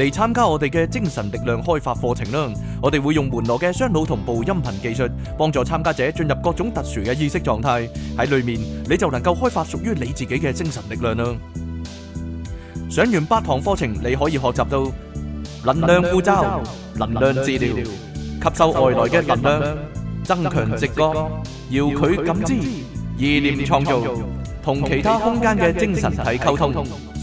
嚟參加我哋嘅精神力量開發課程啦！我哋會用門羅嘅雙腦同步音頻技術，幫助參加者進入各種特殊嘅意識狀態。喺裡面你就能夠開發屬於你自己嘅精神力量啦！上完八堂課程，你可以學習到能量護罩、能量治療、吸收外來嘅能量、增強直覺、遙距感知、意念創造、同其他空間嘅精神體溝通。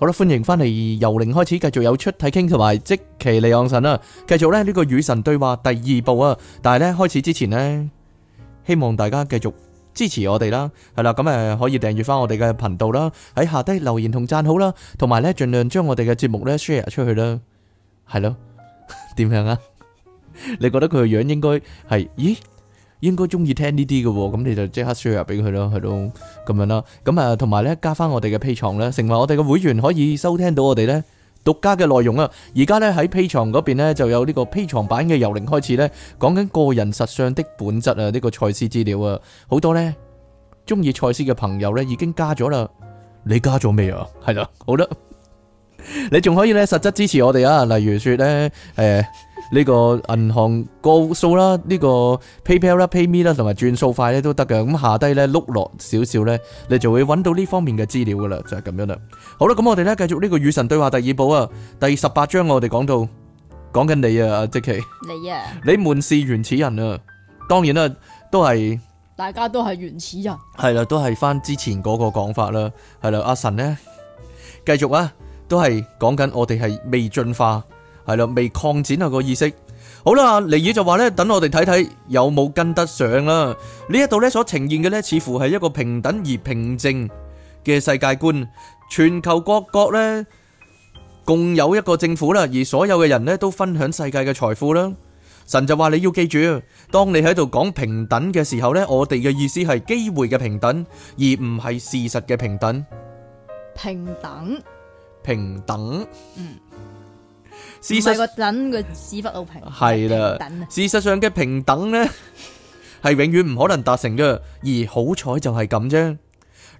好啦，歡迎翻嚟由零開始，繼續有出睇傾，同埋即期利昂神啦，繼續咧呢、這個與神對話第二部啊！但係咧開始之前呢，希望大家繼續支持我哋啦，係啦，咁、嗯、誒可以訂閱翻我哋嘅頻道啦，喺下低留言同讚好啦，同埋咧盡量將我哋嘅節目咧 share 出去啦，係咯，點 樣啊？ 你覺得佢個樣應該係？咦？應該中意聽呢啲嘅喎，咁你就即刻 share 入俾佢咯，佢都咁樣啦。咁啊，同埋呢，加翻我哋嘅 P 藏咧，成為我哋嘅會員可以收聽到我哋呢獨家嘅內容啊！而家呢，喺 P 藏嗰邊呢，就有呢個 P 藏版嘅由零開始呢，講緊個人實相的本質啊，呢、這個賽事資料啊，好多呢中意賽事嘅朋友呢，已經加咗啦。你加咗未啊？係啦，好啦。你仲可以咧實質支持我哋啊，例如說咧，誒呢、 哎這個銀行個數啦，呢、這個 PayPal 啦 Pay、PayMe 啦，同埋轉數快咧都得嘅。咁下低咧碌落少少咧，你就會揾到呢方面嘅資料噶啦，就係、是、咁樣啦。好啦，咁我哋咧繼續呢個與神對話第二部啊，第十八章我哋講到講緊你啊，阿迪奇，K, 你啊，你們是原始人啊，當然啦，都係大家都係原始人，係啦，都係翻之前嗰個講法啦，係啦，阿神咧繼續啊。都係講緊我哋係未進化，係咯未擴展啊個意識。好啦，尼爾就話咧，等我哋睇睇有冇跟得上啦啊。呢一度咧所呈現嘅呢，似乎係一個平等而平靜嘅世界觀。全球各國呢，共有一個政府啦，而所有嘅人呢，都分享世界嘅財富啦。神就話，你要記住，當你喺度講平等嘅時候呢，我哋嘅意思係機會嘅平等，而唔係事實嘅平等。平等。平等，嗯，事實個等個屎忽都平，係啦，事實上嘅平等咧，係永遠唔可能達成嘅，而好彩就係咁啫。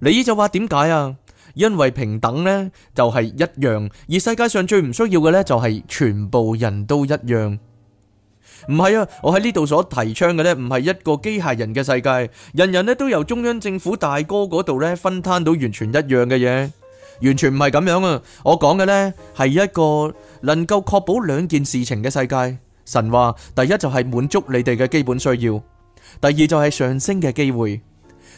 你就話點解啊？因為平等咧就係一樣，而世界上最唔需要嘅咧就係全部人都一樣。唔係啊，我喺呢度所提倡嘅咧，唔係一個機械人嘅世界，人人咧都由中央政府大哥嗰度咧分攤到完全一樣嘅嘢。完全唔係咁樣啊！我講嘅呢係一個能夠確保兩件事情嘅世界。神話，第一就係滿足你哋嘅基本需要，第二就係上升嘅機會。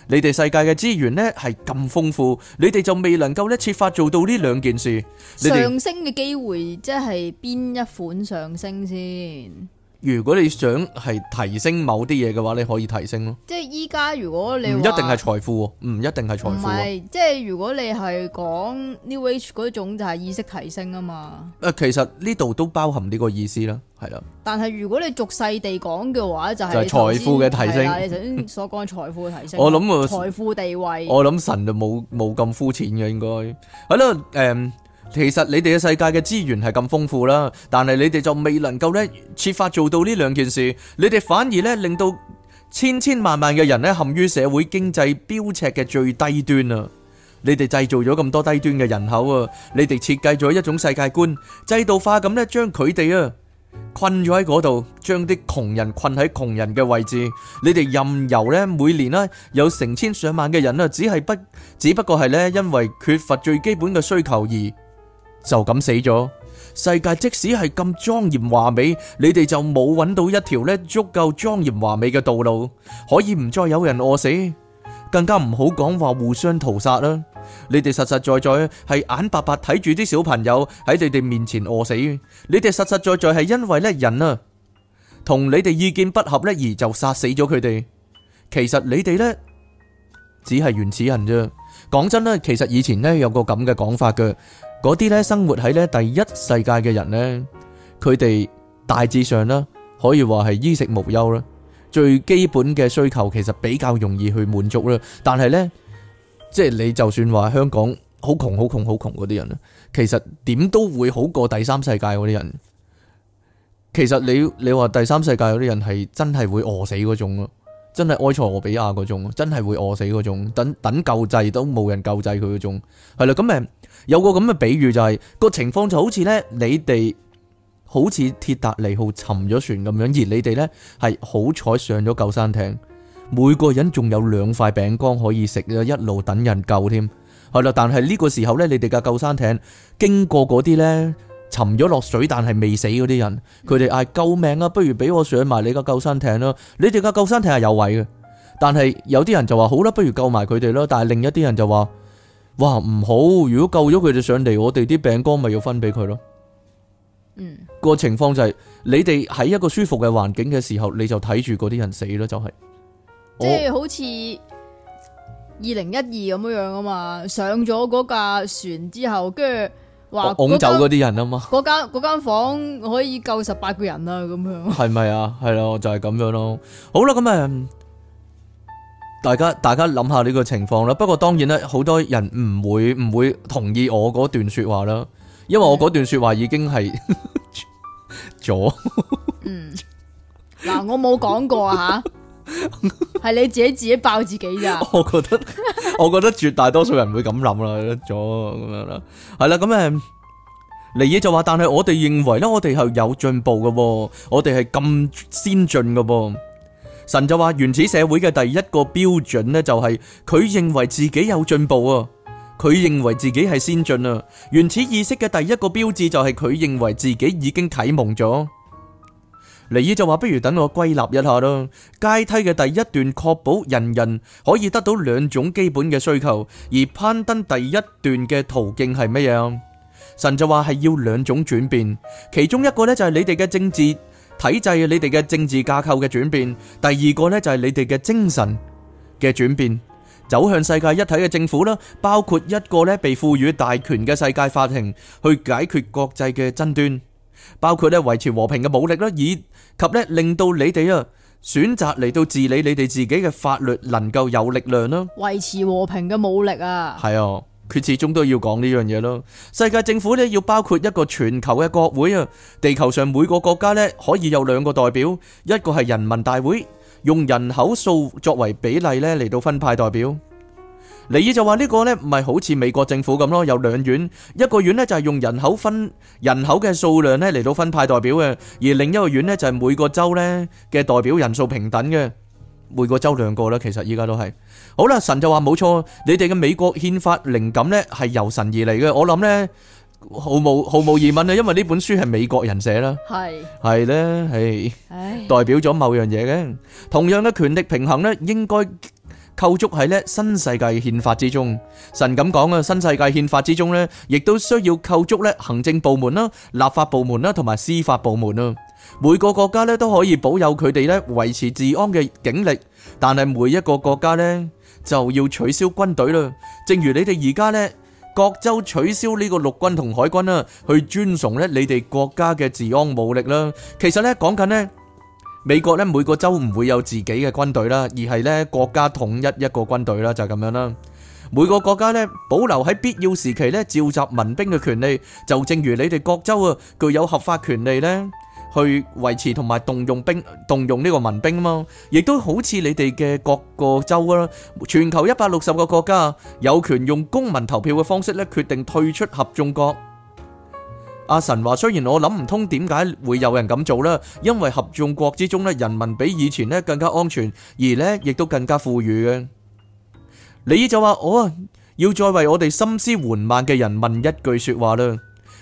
你哋世界嘅資源呢係咁豐富，你哋就未能夠咧設法做到呢兩件事。上升嘅機會即係邊一款上升先？如果你想係提升某啲嘢嘅話，你可以提升咯。即係依家如果你唔一定係財富，唔一定係財富。唔係，即係如果你係講 New Age 嗰種就係意識提升啊嘛。誒，其實呢度都包含呢個意思啦，係啦。但係如果你逐細地講嘅話，就係財富嘅提升。係啊，你頭先所講財富嘅提升。我諗我財富地位。我諗神就冇冇咁膚淺嘅應該。喺度，誒。其實你哋嘅世界嘅資源係咁豐富啦，但係你哋就未能夠呢設法做到呢兩件事，你哋反而呢令到千千萬萬嘅人呢陷於社會經濟標尺嘅最低端啊！你哋製造咗咁多低端嘅人口啊，你哋設計咗一種世界觀，制度化咁呢，將佢哋啊困咗喺嗰度，將啲窮人困喺窮人嘅位置，你哋任由呢每年呢、啊、有成千上萬嘅人啊，只係不只不過係呢，因為缺乏最基本嘅需求而。就咁死咗，世界即使係咁莊嚴華美，你哋就冇搵到一條呢足夠莊嚴華美嘅道路，可以唔再有人餓死，更加唔好講話互相屠殺啦啊。你哋實實在在係眼白白睇住啲小朋友喺你哋面前餓死，你哋實實在在係因為咧人啊同你哋意見不合咧而就殺死咗佢哋。其實你哋呢，只係原始人啫。講真呢，其實以前呢有個咁嘅講法嘅。嗰啲咧生活喺咧第一世界嘅人咧，佢哋大致上啦，可以話係衣食無憂啦，最基本嘅需求其實比較容易去滿足啦。但係呢，即係你就算話香港好窮好窮好窮嗰啲人啦，其實點都會好過第三世界嗰啲人。其實你你話第三世界嗰啲人係真係會餓死嗰種咯，真係埃塞俄比亞嗰種，真係會餓死嗰種，等等救濟都冇人救濟佢嗰種，係啦咁誒。有個咁嘅比喻就係，個情況就好似呢，你哋好似鐵達尼號沉咗船咁樣，而你哋呢係好彩上咗救生艇，每個人仲有兩塊餅乾可以食啊，一路等人救添。係啦，但係呢個時候呢，你哋架救生艇經過嗰啲呢，沉咗落水但係未死嗰啲人，佢哋嗌救命啊，不如俾我上埋你架救生艇啦。你哋架救生艇係有位嘅，但係有啲人就話好啦，不如救埋佢哋咯。但係另一啲人就話。哇唔好，如果救咗佢哋上嚟，我哋啲餅乾咪要分俾佢咯。嗯，個情況就係、是、你哋喺一個舒服嘅環境嘅時候，你就睇住嗰啲人死咯，就係即係好似二零一二咁樣樣啊嘛，上咗嗰架船之後，跟住話拱走嗰啲人啊嘛，嗰間間房間可以救十八個人啊，咁樣係咪 啊？係咯，就係、是、咁樣咯。好啦，咁啊。大家大家諗下呢個情況啦。不過當然咧，好多人唔會唔會同意我嗰段說話啦，因為我嗰段說話已經係咗。 了嗯，嗱，我冇講過啊吓，係 你自己自己爆自己咋。我覺得我覺得絕大多數人唔會咁諗啦，咗、嗯、咁樣啦，係啦咁誒，嚟、嗯、耶就話，但係我哋認為咧，我哋係有進步噶，我哋係咁先進噶喎。神就話原始社會嘅第一個標準呢，就係佢認為自己有進步啊，佢認為自己係先進啊。原始意識嘅第一個標誌就係佢認為自己已經啟蒙咗。尼爾就話不如等我歸納一下咯。階梯嘅第一段確保人人可以得到兩種基本嘅需求，而攀登第一段嘅途徑係乜嘢？神就話係要兩種轉變，其中一個呢，就係你哋嘅政治。體制你哋嘅政治架構嘅轉變，第二個呢就係你哋嘅精神嘅轉變，走向世界一體嘅政府啦，包括一個咧被賦予大權嘅世界法庭去解決國際嘅爭端，包括咧維持和平嘅武力啦，以及咧令到你哋啊選擇嚟到治理你哋自己嘅法律能夠有力量啦，維持和平嘅武力啊，係啊。佢始終都要講呢樣嘢咯。世界政府咧要包括一個全球嘅國會啊，地球上每個國家咧可以有兩個代表，一個係人民大會，用人口數作為比例咧嚟到分派代表。尼爾就話呢個咧唔係好似美國政府咁咯，有兩院，一個院咧就係用人口分人口嘅數量咧嚟到分派代表嘅，而另一個院咧就係每個州咧嘅代表人數平等嘅。每個州兩個啦，其實依家都係好啦。神就話冇錯，你哋嘅美國憲法靈感咧係由神而嚟嘅。我諗咧毫無毫無疑問啊，因為呢本書係美國人寫啦，係係咧，係，代表咗某樣嘢嘅。同樣咧，權力平衡咧應該構築喺咧新世界憲法之中。神咁講啊，新世界憲法之中咧，亦都需要構築咧行政部門啦、立法部門啦同埋司法部門啊。每個國家咧都可以保有佢哋咧維持治安嘅警力。但係每一個國家呢，就要取消軍隊啦，正如你哋而家呢，各州取消呢個陸軍同海軍啦、啊，去尊崇呢你哋國家嘅治安武力啦。其實呢，講緊呢，美國呢每個州唔會有自己嘅軍隊啦，而係呢國家統一一個軍隊啦，就係咁樣啦。每個國家呢，保留喺必要時期呢召集民兵嘅權利，就正如你哋各州啊具有合法權利呢。去維持同埋動用兵動用呢個民兵嘛，亦都好似你哋嘅各個州啦。全球一百六十個國家有權用公民投票嘅方式咧，決定退出合眾國。阿神話，雖然我諗唔通點解會有人咁做啦，因為合眾國之中咧，人民比以前咧更加安全，而咧亦都更加富裕嘅。你就話我啊，要再為我哋心思緩慢嘅人問一句說話啦，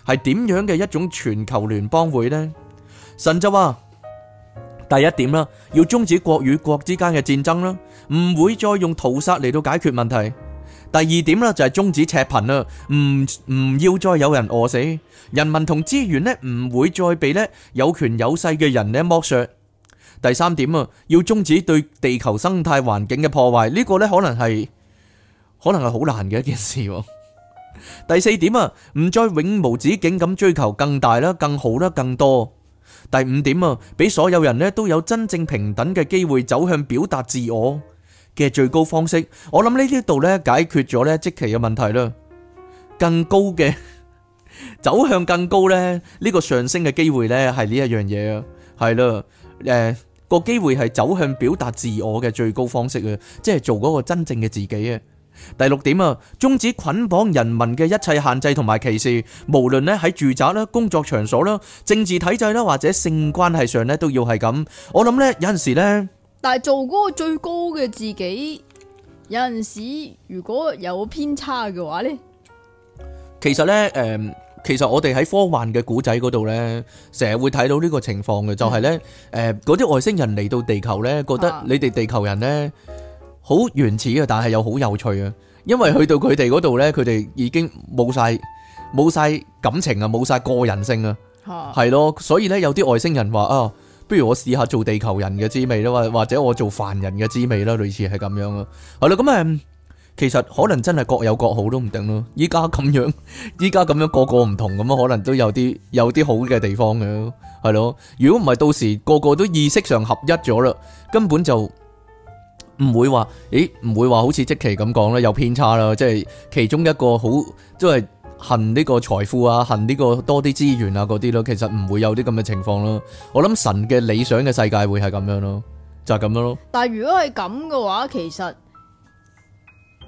係點樣嘅一種全球聯邦會咧？神就話，第一點啦，要終止國與國之間嘅戰爭啦，唔會再用屠殺嚟到解決問題。第二點啦，就係終止赤貧啦，唔唔要再有人餓死，人民同資源呢，唔會再被呢有權有勢嘅人呢剝削。第三點啊，要終止對地球生態環境嘅破壞，呢個呢可能係可能係好難嘅一件事。 第四點啊，唔再永無止境咁追求更大啦、更好啦、更多。第五點啊，俾所有人咧都有真正平等嘅機會走向表達自我嘅最高方式。我諗呢度咧解決咗咧即期嘅問題啦。更高嘅走向更高咧，呢個上升嘅機會咧係呢一樣嘢啊，係啦，誒個機會係走向表達自我嘅最高方式啊，即係做嗰個真正嘅自己啊。第六點啊，終止捆綁人民嘅一切限制同埋歧視，無論咧喺住宅啦、工作場所啦、政治體制啦或者性關係上咧，都要係咁。我諗咧有陣時咧，但係做嗰個最高嘅自己，有陣時如果有偏差嘅話咧，其實咧誒、呃，其實我哋喺科幻嘅古仔嗰度咧，成日會睇到呢個情況嘅，就係咧誒，嗰啲、嗯呃、外星人嚟到地球咧，覺得你哋地球人咧。啊好原始啊，但係又好有趣啊！因為去到佢哋嗰度呢，佢哋已經冇晒冇晒感情啊，冇晒個人性啊，係咯。所以呢，有啲外星人話啊，不如我試下做地球人嘅滋味啦，或或者我做凡人嘅滋味啦，類似係咁樣咯。係啦，咁、嗯、啊，其實可能真係各有各好都唔定咯。依家咁樣，依家咁樣個個唔同，咁啊，可能都有啲有啲好嘅地方嘅，係咯。如果唔係，到時個個都意識上合一咗啦，根本就。唔會話，誒，唔會話好似即期咁講啦，有偏差啦，即係其中一個好，即係恨呢個財富啊，恨呢個多啲資源啊嗰啲咯，其實唔會有啲咁嘅情況咯。我諗神嘅理想嘅世界會係咁樣咯，就係、是、咁樣咯。但係如果係咁嘅話，其實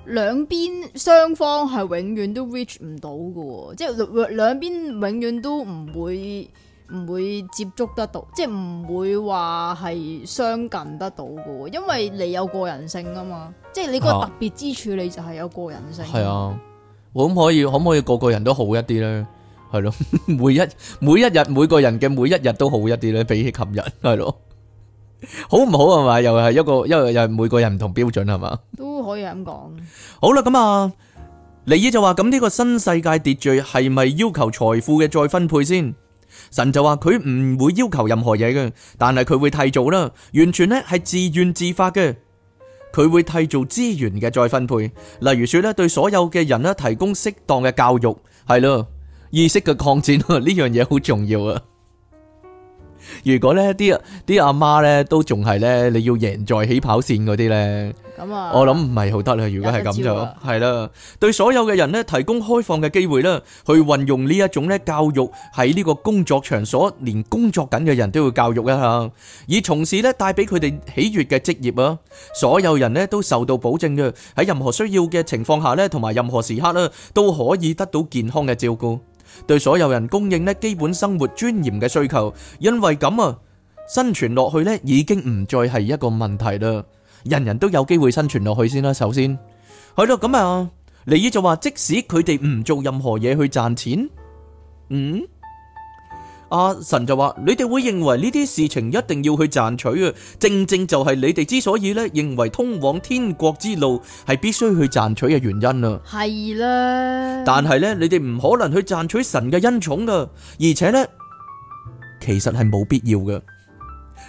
兩邊雙方係永遠都 reach 唔到嘅，即係兩兩邊永遠都唔會。唔會接觸得到，即係唔會話係相近得到嘅。因為你有個人性啊嘛，即係你個特別之處，你就係有個人性。係啊，咁、啊、可、可以可唔可以個個人都好一啲咧？係咯、啊，每一每一日每個人嘅每一日都好一啲咧，比起琴日係咯，好唔好係嘛？又係一個，因為又係每個人唔同標準係嘛，都可以咁講。好啦，咁啊，尼爾就話，咁呢個新世界秩序係咪要求財富嘅再分配先？神就話佢唔會要求任何嘢嘅，但係佢會替做啦，完全咧係自願自發嘅，佢會替做資源嘅再分配，例如說咧對所有嘅人咧提供適當嘅教育，係咯意識嘅擴展呢 樣嘢好重要啊！ 如果呢啲阿啲阿媽咧都仲係咧你要贏在起跑線嗰啲呢。咁啊，我諗唔係好得啦。如果係咁就係啦，對所有嘅人咧提供開放嘅機會啦，去運用呢一種咧教育喺呢個工作場所，連工作緊嘅人都要教育一下，以從事咧帶俾佢哋喜悅嘅職業啊。所有人咧都受到保證嘅喺任何需要嘅情況下咧，同埋任何時刻啦都可以得到健康嘅照顧。對所有人供應咧基本生活尊嚴嘅需求，因為咁啊生存落去咧已經唔再係一個問題啦。人人都有機會生存落去先啦，首先係咯，咁啊，尼爾就話，即使佢哋唔做任何嘢去賺錢，嗯，阿神就話，你哋會認為呢啲事情一定要去賺取啊，正正就係你哋之所以咧認為通往天國之路係必須去賺取嘅原因啦。係啦，但係咧你哋唔可能去賺取神嘅恩寵噶，而且咧其實係冇必要嘅。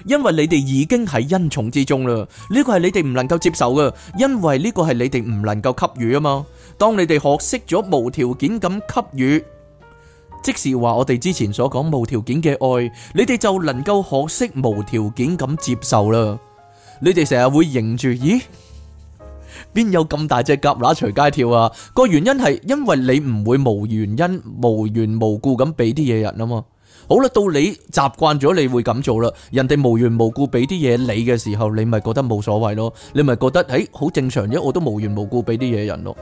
因為你哋已經喺恩寵之中啦，呢個係你哋唔能夠接受嘅，因為呢個係你哋唔能夠給予啊嘛。當你哋學識咗無條件咁給予，即是話我哋之前所講無條件嘅愛，你哋就能夠學識無條件咁接受啦。你哋成日會認住，咦？邊有咁大隻蛤乸隨街跳啊？個原因係因為你唔會無原因，無緣無故咁俾啲嘢人啊嘛。好啦，到你習慣咗你會咁做啦，人哋無緣無故俾啲嘢你嘅時候，你咪覺得冇所謂咯，你咪覺得誒，好正常啫，我都無緣無故俾啲嘢人咯，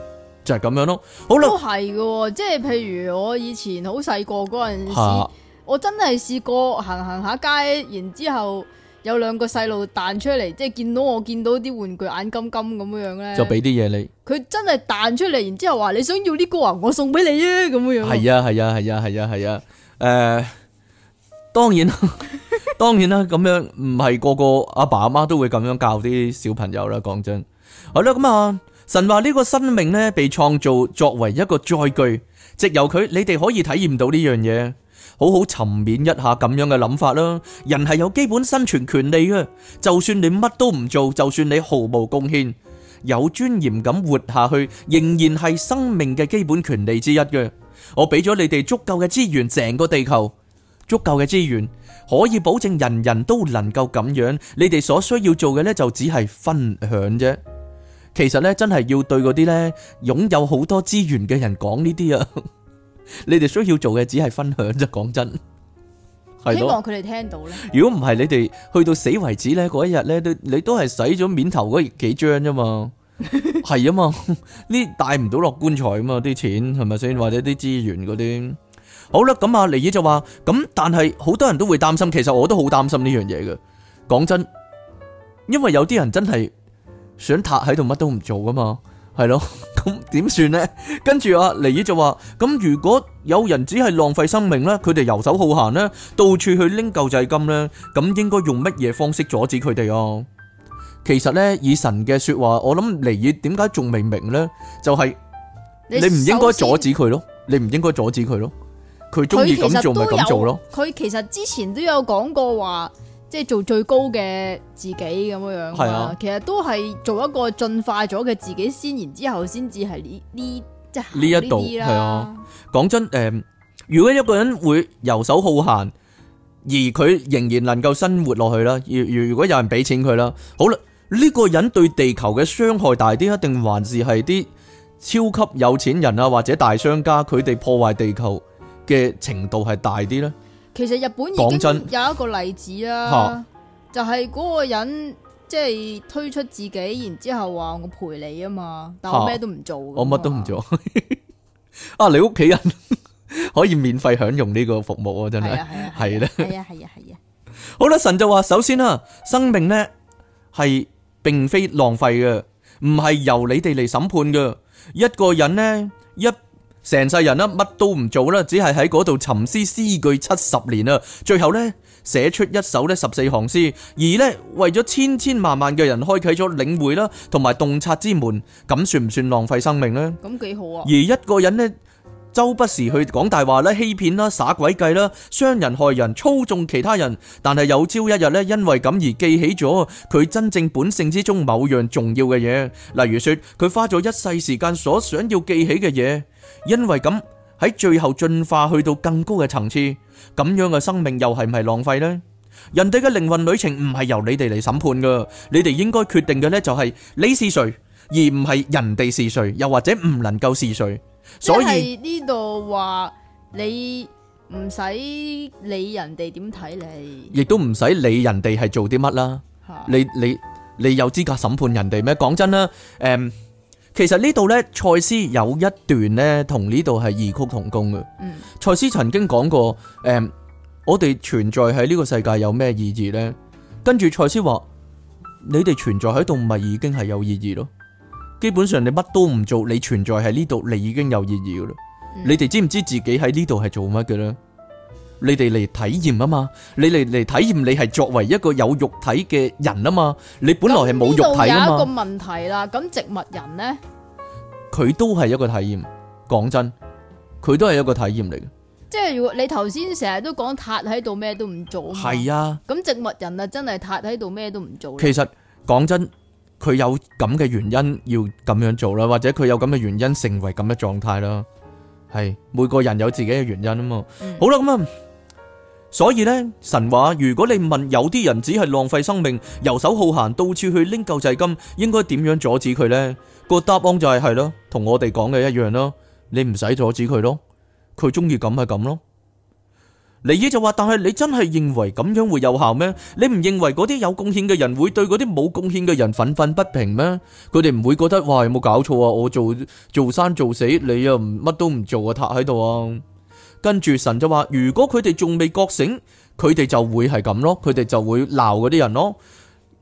就係咁樣咯。好啦，都係嘅，即係譬如我以前好細個嗰陣時，啊、我真係試過行行下街，然之後有兩個細路彈出嚟，即係見到我見到啲玩具眼金金咁樣咧，就俾啲嘢你。佢真係彈出嚟，然之後話你想要呢個啊，我送俾你啊，咁樣。係啊係啊係啊係啊係啊，誒、啊。 當然，當然啦，咁樣唔係個個阿爸阿媽都會咁樣教啲小朋友啦。講真，係啦，咁啊，神話呢個生命呢，被創造作為一個載具，藉由佢，你哋可以體驗到呢樣嘢。好好沉緬一下咁樣嘅諗法啦。人係有基本生存權利嘅，就算你乜都唔做，就算你毫無貢獻，有尊嚴咁活下去，仍然係生命嘅基本權利之一嘅。我俾咗你哋足夠嘅資源，成個地球。足夠嘅資源可以保證人人都能夠咁樣，你哋所需要做嘅咧就只係分享啫。其實咧真係要對嗰啲咧擁有好多資源嘅人講呢啲啊，你哋需要做嘅只係分享啫。講真，希望佢哋聽到咧。如果唔係，你哋去到死為止咧，嗰一日咧都你都係洗咗面頭嗰幾張啫嘛，係啊嘛，呢帶唔到落棺材啊嘛，啲錢係咪先，或者啲資源嗰啲。好啦，咁啊，尼爾就話咁，但係好多人都會擔心，其實我都好擔心呢樣嘢嘅。講真，因為有啲人真係想塌喺度，乜都唔做噶嘛，係咯？咁點算呢？跟住啊，尼爾就話咁，如果有人只係浪費生命咧，佢哋遊手好閒咧，到處去拎救濟金咧，咁應該用乜嘢方式阻止佢哋啊？其實呢，以神嘅說話，我諗尼爾點解仲未明呢？就係你唔應該阻止佢咯，你唔應該阻止佢咯。佢中意咁做咪咁做囉。佢其實之前都有講過話，即係做最高嘅自己咁樣樣係啊。其實都係做一個進化咗嘅自己先然，然之後先至係呢呢即係呢一度係啊。講真，誒、呃，如果一個人會游手好閒，而佢仍然能夠生活落去啦。如如如果有人俾錢佢啦，好啦，呢、這個人對地球嘅傷害大啲，一定還是係啲超級有錢人啊，或者大商家，佢哋破壞地球，嘅程度係大啲咧，其實日本已經有一個例子啦，就係嗰個人即係推出自己，然之後話我陪你啊嘛，但係我咩都唔做，我乜都唔做啊！你屋企人可以免費享用呢個服務啊！真係係啦，係啊係啊係啊！好啦，神就話：首先啊，生命咧係並非浪費嘅，唔係由你哋嚟審判嘅，一個人呢一。成世人啦，啊，乜都唔做啦，只係喺嗰度沉思詩句七十年啊，最後呢寫出一首呢十四行詩，而呢為咗千千萬萬嘅人開啟咗領會啦同埋洞察之門，咁算唔算浪費生命呢？咁幾好啊！而一個人呢，周不時去講大話啦、欺騙啦、耍詭計啦、傷人害人、操縱其他人，但係有朝一日呢，因為咁而記起咗佢真正本性之中某樣重要嘅嘢，例如說佢花咗一世時間所想要記起嘅嘢。因為咁喺最後進化去到更高嘅層次，咁樣嘅生命又係唔係浪費呢？人哋嘅靈魂旅程唔係由你哋嚟審判噶，你哋應該決定嘅呢就係你是誰，而唔係人哋是誰，又或者唔能夠是誰。所以呢度話你唔使理人哋點睇你，亦都唔使理人哋係做啲乜啦。你你你有資格審判人哋咩？講真啦，誒。其實呢度呢，賽斯有一段呢，同呢度係異曲同工嘅。賽、嗯、斯曾經講過，誒、嗯，我哋存在喺呢個世界有咩意義呢？」跟住賽斯話，你哋存在喺度咪已經係有意義咯？基本上你乜都唔做，你存在喺呢度，你已經有意義噶啦。嗯、你哋知唔知自己喺呢度係做乜嘅咧？你哋嚟體驗啊嘛，你嚟嚟體驗，你係作為一個有肉體嘅人啊嘛，你本來係冇肉體啊嘛。度有一個問題啦，咁植物人咧，佢都係一個體驗。講真，佢都係一個體驗嚟嘅。即係如果你頭先成日都講，塌喺度咩都唔做。係啊。咁植物人啊，真係塌喺度咩都唔做。其實講真，佢有咁嘅原因要咁樣做啦，或者佢有咁嘅原因成為咁嘅狀態啦。係每個人有自己嘅原因啊嘛。好啦，咁啊。所以呢，神話，如果你問有啲人只係浪費生命遊手好閒，到處去拎救濟金，應該點樣阻止佢呢？個答案就係，係咯，同我哋講嘅一樣咯。你唔使阻止佢咯，佢中意咁係咁咯。尼耶就話，但係你真係認為咁樣會有效咩？你唔認為嗰啲有貢獻嘅人會對嗰啲冇貢獻嘅人憤憤不平咩？佢哋唔會覺得哇，有冇搞錯啊？我做做生做死，你又唔乜都唔做啊？塌喺度啊？跟住神就話，如果佢哋仲未覺醒，佢哋就會係咁咯，佢哋就會鬧嗰啲人咯。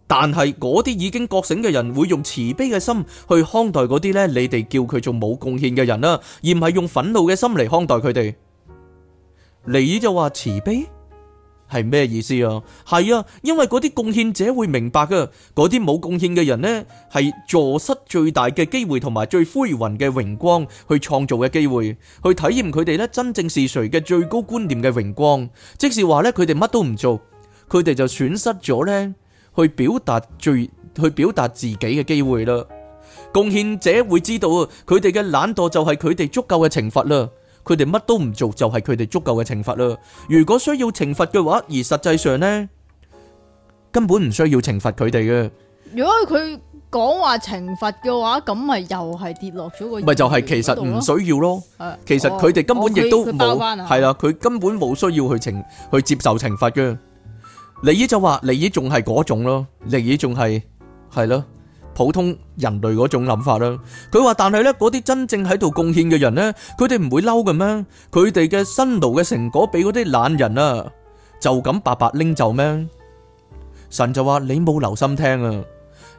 但係嗰啲已經覺醒嘅人，會用慈悲嘅心去看待嗰啲呢，你哋叫佢做冇貢獻嘅人啦，而唔係用憤怒嘅心嚟看待佢哋。你就話慈悲？係咩意思啊？係啊，因為嗰啲貢獻者會明白嘅，嗰啲冇貢獻嘅人咧，係坐失最大嘅機會同埋最輝煌嘅榮光去創造嘅機會，去體驗佢哋咧真正是誰嘅最高觀念嘅榮光。即是話咧，佢哋乜都唔做，佢哋就損失咗咧去表達最去表達自己嘅機會啦。貢獻者會知道啊，佢哋嘅懶惰就係佢哋足夠嘅懲罰啦。佢哋乜都唔做就係佢哋足夠嘅懲罰啦。如果需要懲罰嘅話，而實際上呢，根本唔需要懲罰佢哋嘅。如果佢講話懲罰嘅話，咁咪又係跌落咗個意思。咪就係其實唔需要咯。係，其實佢哋根本亦都冇係啦。佢根本冇需要去懲去接受懲罰嘅。利益就話，利益仲係嗰種咯，利益仲係係咯。普通人類嗰種諗法啦，佢話，但係咧嗰啲真正喺度貢獻嘅人咧，佢哋唔會嬲嘅咩？佢哋嘅辛勞嘅成果俾嗰啲懶人啊，就咁白白拎走咩？神就話，你冇留心聽啊，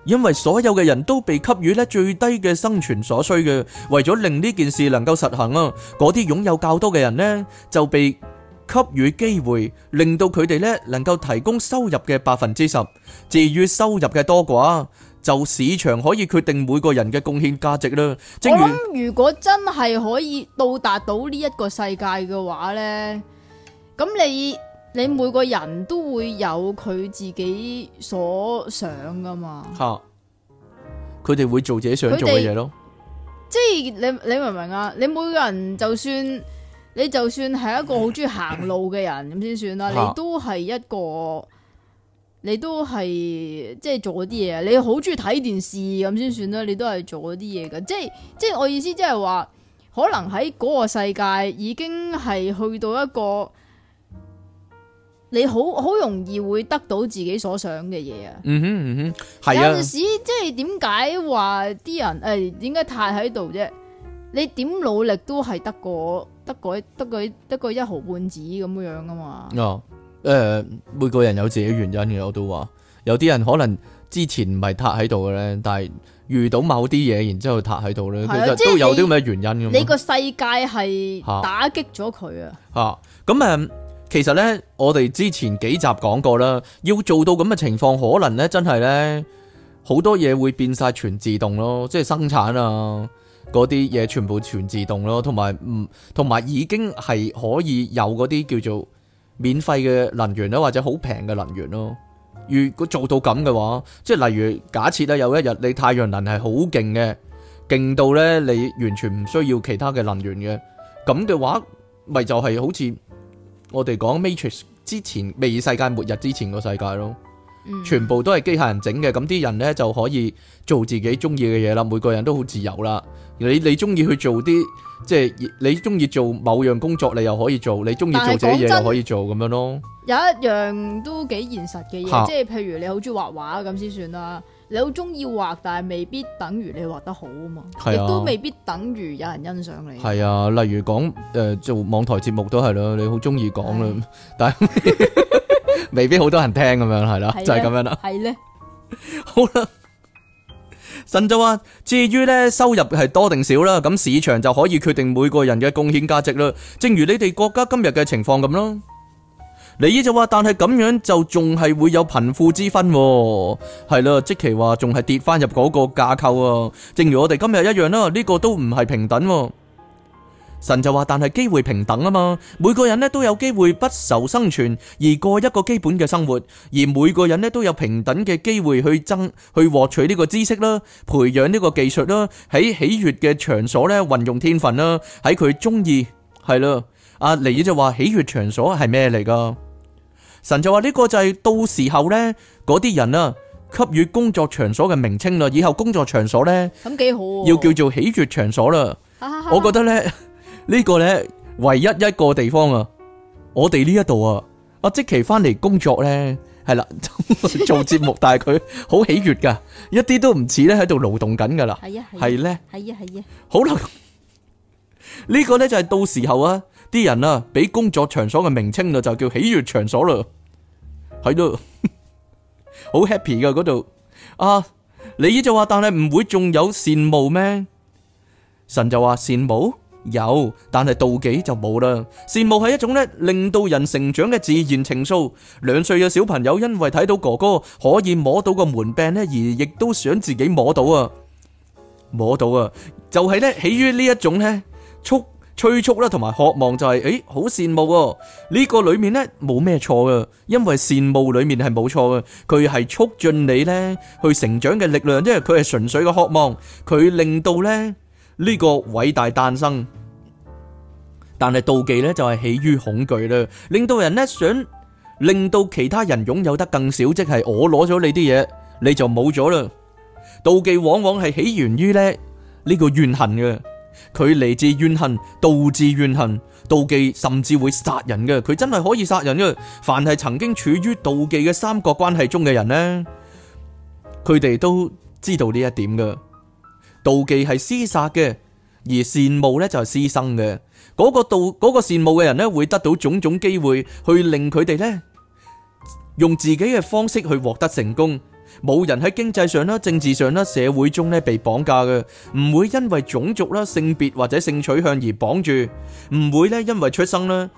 因為所有嘅人都被給予咧最低嘅生存所需嘅，為咗令呢件事能夠實行啊，嗰啲擁有較多嘅人咧就被給予機會，令到佢哋咧能夠提供收入嘅百分之十，至於收入嘅多寡。就市場可以決定每個人嘅貢獻價值啦。正如我諗如果真係可以到達到呢一個世界嘅話呢，咁你你每個人都會有佢自己所想㗎嘛？吓，佢哋會做自己想做嘅嘢們咯。即係你你明唔明啊？你每個人就算你就算係一個好鍾意行路嘅人咁先算啦，哈你都係一個。你都係即係做咗啲嘢，你好中意睇電視咁先算啦。你都係做咗啲嘢嘅，即係即係我意思，即係話可能喺嗰個世界已經係去到一個你好好容易會得到自己所想嘅嘢啊。嗯哼嗯哼有陣時係啊，即係點解話啲人誒，點解太喺度啫？你點努力都係得個得個得個得個一毫半子咁樣噶嘛。哦誒、呃，每個人有自己原因嘅，我都話有啲人可能之前唔係塌喺度嘅咧，但係遇到某啲嘢，然之後塌喺度咧，其實都有啲咁嘅原因嘅。你個世界係打擊咗佢啊！吓咁誒，其實咧，我哋之前幾集講過啦，要做到咁嘅情況，可能咧真係咧好多嘢會變晒全自動咯，即係生產啊嗰啲嘢全部全自動咯，同埋唔同埋已經係可以有嗰啲叫做。免費嘅能源咧，或者好平嘅能源咯。如果做到咁嘅話，即係例如假設啦，有一日你太陽能係好勁嘅，勁到咧你完全唔需要其他嘅能源嘅。咁嘅話，咪就係好似我哋講 Matrix 之前未世界末日之前個世界咯，嗯、全部都係機械人整嘅，咁啲人呢就可以做自己中意嘅嘢啦，每個人都好自由啦。你你中意去做啲？即係你中意做某樣工作，你又可以做；你中意做自己嘢又可以做，咁樣咯。有一樣都幾現實嘅嘢，哈即係譬如你好中意畫畫咁先算啦。你好中意畫，但係未必等於你畫得好啊嘛，亦都未必等於有人欣賞你。係啊，例如講誒、呃、做網台節目都係咯，你好中意講啦，啊、但係 未必好多人聽，咁樣係啦，啊、就係咁樣啦。係咧、啊，好啦。神就話，至於咧，收入係多定少啦，咁市場就可以決定每個人嘅貢獻價值啦。正如你哋國家今日嘅情況咁咯。你就話，但係咁樣就仲係會有貧富之分，係咯，即其話仲係跌翻入嗰個架構啊。正如我哋今日一樣啦，呢個都唔係平等。神就話，但是機會平等嘛。每個人都有機會不愁生存，而過一個基本的生活。而每個人都有平等的機會去爭，去獲取這個知識，培養這個技術，在喜悅的場所運用天分，在他中意。是啦。阿尼爾就話，喜悅場所係咩嚟㗎？神就話，這個就是到時候呢，那些人啊，給予工作場所的名稱，以後工作場所呢，咁幾好，要叫做喜悅場所啦。我覺得呢, 呢個咧，唯一一個地方啊，我哋呢一度啊，阿積奇翻嚟工作咧，係啦做節目，但係佢好喜悅噶，一啲都唔似咧喺度勞動緊噶啦，係咧，係啊係啊，好啦，呢個咧就係到時候啊，啲人啊，俾工作場所嘅名稱就叫喜悅場所啦，喺度好 happy 噶嗰度啊。你就話，但係唔會仲有羨慕咩？神就話羨慕。有，但係妒忌就冇啦。羨慕係一種咧，令到人成長嘅自然情愫。兩歲嘅小朋友因為睇到哥哥可以摸到個門柄咧，而亦都想自己摸到啊，摸到啊，就係咧起於呢一種咧促催促啦，同埋渴望就係誒，好羨慕，呢個裏面咧冇咩錯噶，因為羨慕裏面係冇錯噶，佢係促進你咧去成長嘅力量，因為佢係純粹嘅渴望，佢令到咧。呢個偉大誕生，但係妒忌呢就係起於恐懼啦，令到人咧想令到其他人擁有得更少，即係我攞咗你啲嘢，你就冇咗啦。妒忌往往係起源於咧呢個怨恨嘅，佢嚟自怨恨，導致怨恨，妒忌甚至會殺人嘅，佢真係可以殺人嘅。凡係曾經處於妒忌嘅三角關係中嘅人呢，佢哋都知道呢一點嘅。妒忌係廝殺嘅，而羨慕咧就係廝生嘅。嗰個妒嗰個羨慕嘅人咧，會得到種種機會去令佢哋咧用自己嘅方式去獲得成功。冇人喺經濟上啦、政治上啦、社會中咧被綁架嘅，唔會因為種族啦、性別或者性取向而綁住，唔會咧因為出生啦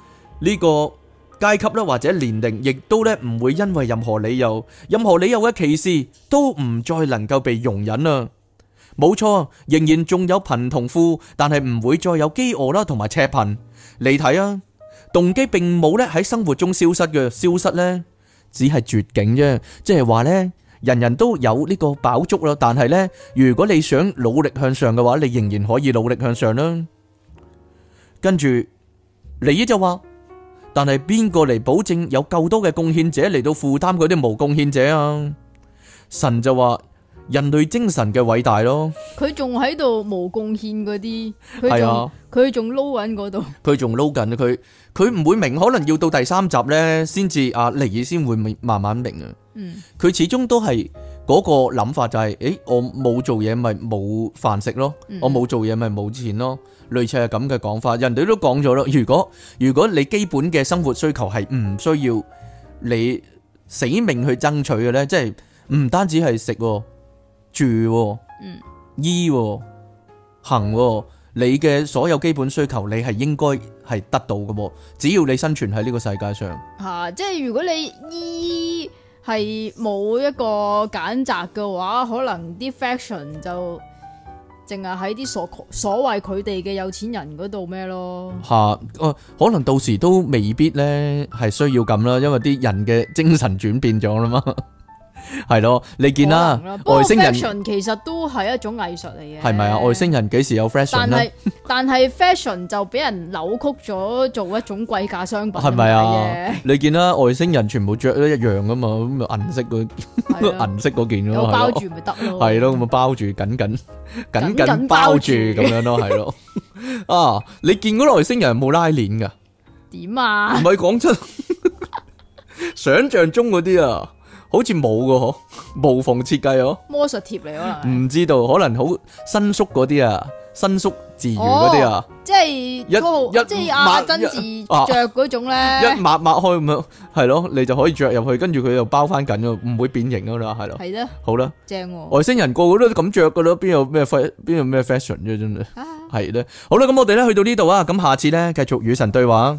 呢個階級啦或者年齡，亦都咧唔會因為任何理由、任何理由嘅歧視都唔再能夠被容忍啦。冇錯，仍然仲有貧同富，但係唔會再有飢餓啦，同埋赤貧。你睇啊，動機並冇咧喺生活中消失嘅，消失咧只係絕境啫。即係話咧，人人都有呢個飽足咯，但係咧，如果你想努力向上嘅話，你仍然可以努力向上啦。跟住，尼耶就話，但係邊個嚟保證有夠多嘅貢獻者嚟到負擔嗰啲無貢獻者啊？神就話。人類精神嘅偉大咯，佢仲喺度無貢獻嗰啲，佢仲佢仲撈緊嗰度，佢仲撈緊佢，佢唔會明，可能要到第三集咧，先至啊尼爾先會慢慢明啊。嗯，佢始終都係嗰個諗法，就係誒，我冇做嘢咪冇飯食咯，我冇做嘢咪冇錢咯，類似係咁嘅講法。人哋都講咗咯，如果如果你基本嘅生活需求係唔需要你死命去爭取嘅咧，即係唔單止係食。住、哦，衣、嗯哦，行、哦，你嘅所有基本需求，你係應該係得到嘅、哦。只要你生存喺呢個世界上，吓、啊，即係如果你衣係冇一個揀擇嘅話，可能啲 fashion 就淨係喺啲所所謂佢哋嘅有錢人嗰度咩咯。吓、啊，誒、啊，可能到時都未必咧係需要咁啦，因為啲人嘅精神轉變咗啦嘛。係咯，你見啦，外星人其實都係一種藝術嚟嘅，係咪啊？外星人幾時有 fashion 咧？但係但係 fashion 就俾人扭曲咗，做一種貴價商品，係咪啊？你見啦，外星人全部着得一樣噶嘛，咁咪銀色嗰銀色嗰件咯，包住咪得咯，係咯，咁咪包住緊緊緊緊包住咁樣咯，係咯，啊！你見過外星人冇拉鏈噶？點啊？唔係講真想象中嗰啲啊！好似冇噶嗬，無縫設計嗬，魔術貼嚟啊？唔知道，可能好伸縮嗰啲啊，伸縮自然嗰啲啊，即係一即係阿珍自着嗰種咧，一抹抹開咁樣，係咯，你就可以着入去，跟住佢又包翻緊咯，唔會變形噶啦，係咯，係啦，好啦，正喎，外星人個個都咁着噶啦，邊有咩 fashion，邊有咩 fashion 啫，真係，係啦，好啦，咁我哋咧去到呢度啊，咁下次咧繼續與神對話。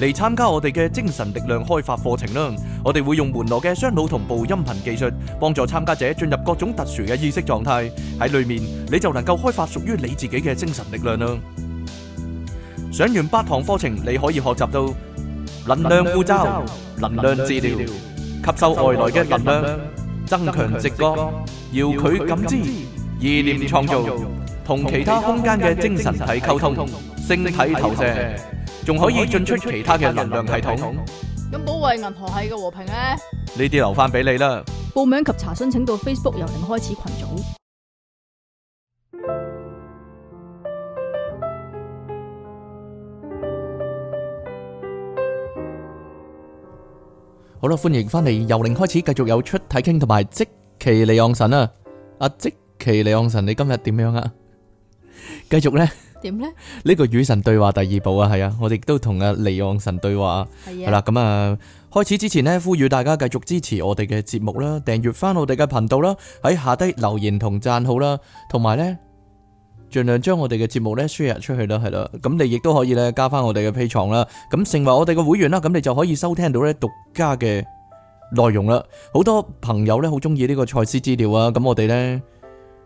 嚟參加我哋嘅精神力量開發課程啦！我哋會用門羅嘅雙腦同步音頻技術，幫助參加者進入各種特殊嘅意識狀態。喺裏面你就能夠開發屬於你自己嘅精神力量啦！上完八堂課程，你可以學習到能量護罩、能量治療、吸收外來嘅能量、增強直覺、遙距感知、意念創造、同其他空間嘅精神體溝通。晶體頭啫，仲可以進出其他嘅能量系統。咁保衛銀河系嘅和平咧？呢啲留翻俾你啦。報名及查詢，請到 Facebook 由零開始群組。好啦，歡迎翻嚟，由零開始，繼續有出體傾同埋即其利昂神啊！阿、啊、即其利昂神，你今日點樣啊？繼續咧。點咧？呢個與神對話第二部啊，係啊，我哋都同阿利昂神對話。係啦的，咁啊，開始之前呢，呼籲大家繼續支持我哋嘅節目啦，訂閱翻我哋嘅頻道啦，喺下低留言同讚好啦，同埋呢，盡量將我哋嘅節目呢 share 出去啦，係啦，咁你亦都可以呢，加翻我哋嘅 P 床啦，咁成為我哋嘅會員啦，咁你就可以收聽到呢獨家嘅內容啦。好多朋友呢，好中意呢個賽斯資料啊，咁我哋呢，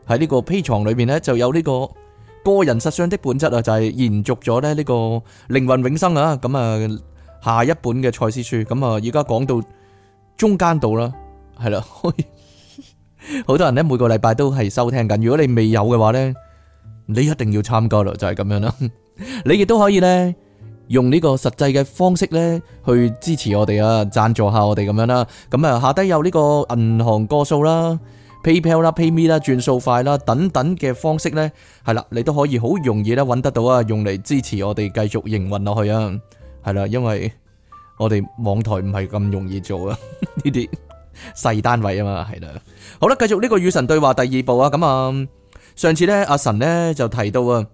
喺呢個 P 床裏邊呢，就有呢、這個。個人實相的本質啊，就係、是、延續咗咧呢個靈魂永生啊。咁啊，下一本嘅《賽斯書》，咁啊，而家講到中間度啦，係啦，好 多人咧每個禮拜都係收聽緊。如果你未有嘅話咧，你一定要參加咯，就係、是、咁樣啦、啊。 你亦都可以咧用呢個實際嘅方式咧去支持我哋啊，贊助下我哋咁樣啦、啊。咁啊，下低有呢個銀行個數啦。PayPal 啦、PayMe 啦、轉數快啦等等嘅方式咧，係啦，你都可以好容易咧揾得到啊，用嚟支持我哋繼續營運落去啊，係啦，因為我哋網台唔係咁容易做啊，呢啲細單位啊嘛，係啦，好啦，繼續呢個與神對話第二部啊，咁、嗯、啊，上次咧阿神咧就提到啊。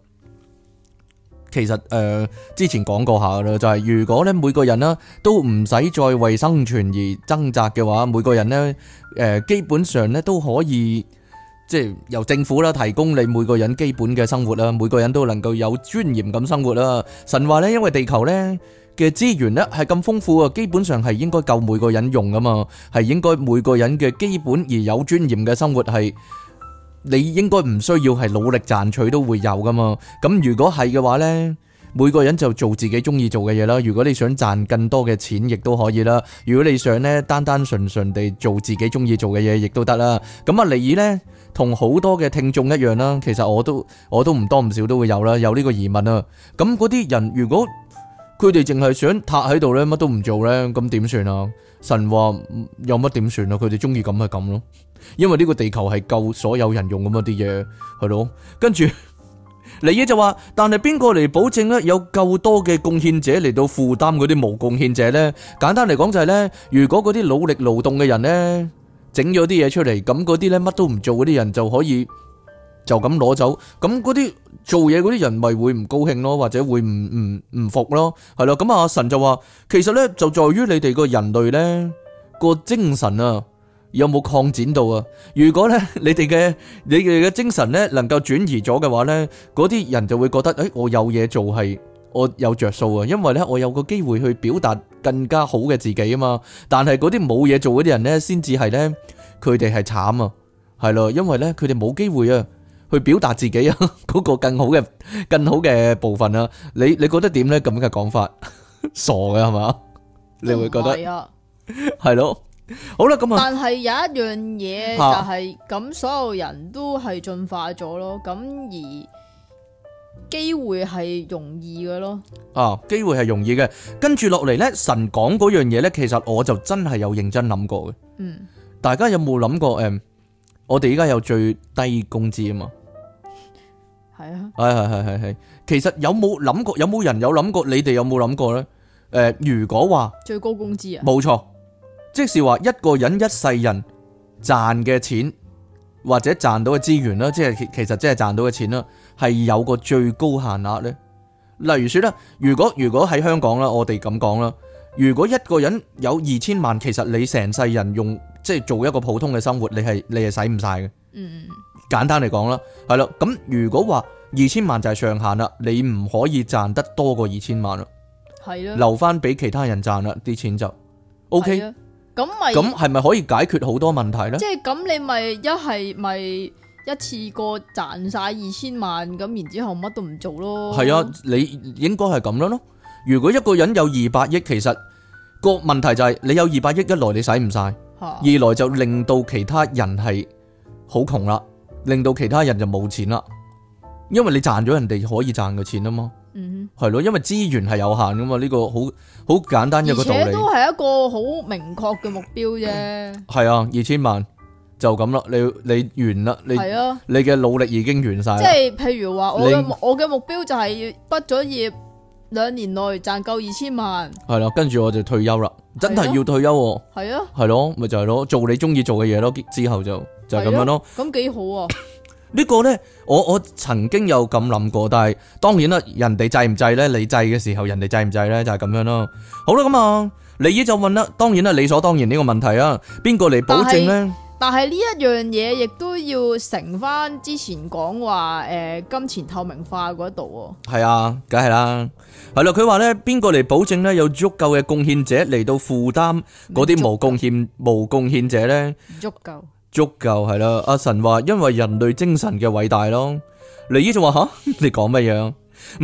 其實誒、呃，之前講過下啦，就係、是、如果咧每個人呢都唔使再為生存而掙扎嘅話，每個人呢誒基本上呢都可以即係由政府啦提供你每個人基本嘅生活啦，每個人都能夠有尊嚴咁生活啦。神話呢，因為地球呢嘅資源呢係咁豐富啊，基本上係應該夠每個人用㗎嘛，係應該每個人嘅基本而有尊嚴嘅生活係。你應該唔需要係努力賺取都會有噶嘛？咁如果係嘅話呢，每個人就做自己中意做嘅嘢啦。如果你想賺更多嘅錢，亦都可以啦。如果你想呢，單單純純地做自己中意做嘅嘢，亦都得啦。咁你呢，同好多嘅聽眾一樣啦。其實我都我都唔多唔少都會有啦，有呢個疑問啊。咁嗰啲人如果，佢哋淨係想塌喺度咧，乜都唔做咧，咁點算啊？神話有乜點算啊？佢哋中意咁係咁咯，因為呢個地球係夠所有人用咁一啲嘢，係咯。跟住 尼爾就話，但係邊個嚟保證咧，有夠多嘅貢獻者嚟到負擔嗰啲無貢獻者咧？簡單嚟講就係、是、咧，如果嗰啲努力勞動嘅人咧，整咗啲嘢出嚟，咁嗰啲咧，乜都唔做嗰啲人就可以。就咁攞走，咁嗰啲做嘢嗰啲人咪會唔高興咯，或者會唔唔唔服咯，係咯。咁、啊、阿神就話，其實呢，就在於你哋個人類呢、個精神啊有冇擴展到啊。如果呢，你哋嘅你哋嘅精神呢能夠轉移咗嘅話呢，嗰啲人就會覺得誒、哎，我有嘢做係我有着數啊，因為呢，我有個機會去表達更加好嘅自己啊嘛。但係嗰啲冇嘢做嗰啲人呢，先至係呢，佢哋係慘啊，係咯，因為呢，佢哋冇機會啊。去表達自己啊，嗰個更好嘅、更好嘅部分啦。你你覺得點咧？咁嘅講法，傻嘅係嘛？你會覺得係啊，係咯。好啦，咁但係有一樣嘢就係咁，所有人都係進化咗咯。咁而機會係容易嘅咯。啊，機會係容易嘅。跟住落嚟咧，神講嗰樣嘢咧，其實我就真係有認真諗過嘅。嗯，大家有冇諗過？誒，我哋而家有最低工資啊嘛。係啊，係係係係，其實有冇諗過？有冇人有諗過？你哋有冇諗過咧？誒，如果話最高工資啊，冇錯，即是話一個人一世人賺嘅錢或者賺到嘅資源啦，即係其實即係賺到嘅錢啦，係有個最高限額咧。例如說咧，如果如果喺香港啦，我哋咁講啦，如果一個人有二千萬，其實你成世人用即係做一個普通嘅生活，你係你係使唔曬嘅。嗯。簡單嚟講啦，係啦，咁如果話二千萬就係上限啦，你唔可以賺得多過二千萬啦，係咯，留翻，俾其他人賺啦，啲錢就 O K 啊。咁咪咁係咪可以解決好多問題咧？即係咁，你咪一係咪一次過賺晒二千萬，咁然之後乜都唔做咯。係啊，你應該係咁樣咯。如果一個人有二百億，其實個問題就係你有二百億，一來你使唔晒，二來就令到其他人係好窮啦。令到其他人就冇錢啦，因為你賺咗人哋可以賺嘅錢啊嘛，嗯哼，係咯，因為資源係有限噶嘛，呢個好好簡單一個道理。而且都係一個好明確嘅目標啫。係啊，二千萬就咁啦，你你完啦，你係啊，你嘅努力已經完晒。即係譬如話我嘅你我嘅目標就係要畢咗業兩年內賺夠二千萬。係啦，跟住我就退休啦，真係要退休。係啊，係咯，咪就係咯，做你中意做嘅嘢咯，之後就。就係咁樣咯，咁幾好啊？呢個咧，我我曾經有咁諗過，但係當然啦，人哋制唔制咧？你制嘅時候，人哋制唔制咧？就係咁樣咯。好啦，咁啊，利益就問啦。當然啦，理所當然呢個問題啊，邊個嚟保證咧？但係呢一樣嘢亦都要承返之前講話誒，金錢透明化嗰一度。係啊，梗係啦，係啦。佢話咧，邊個嚟保證咧？有足夠嘅貢獻者嚟到負擔嗰啲無貢獻、無貢獻者咧？唔足夠。足夠係啦，阿神話因為人類精神嘅偉大咯，尼依仲話吓你講乜嘢？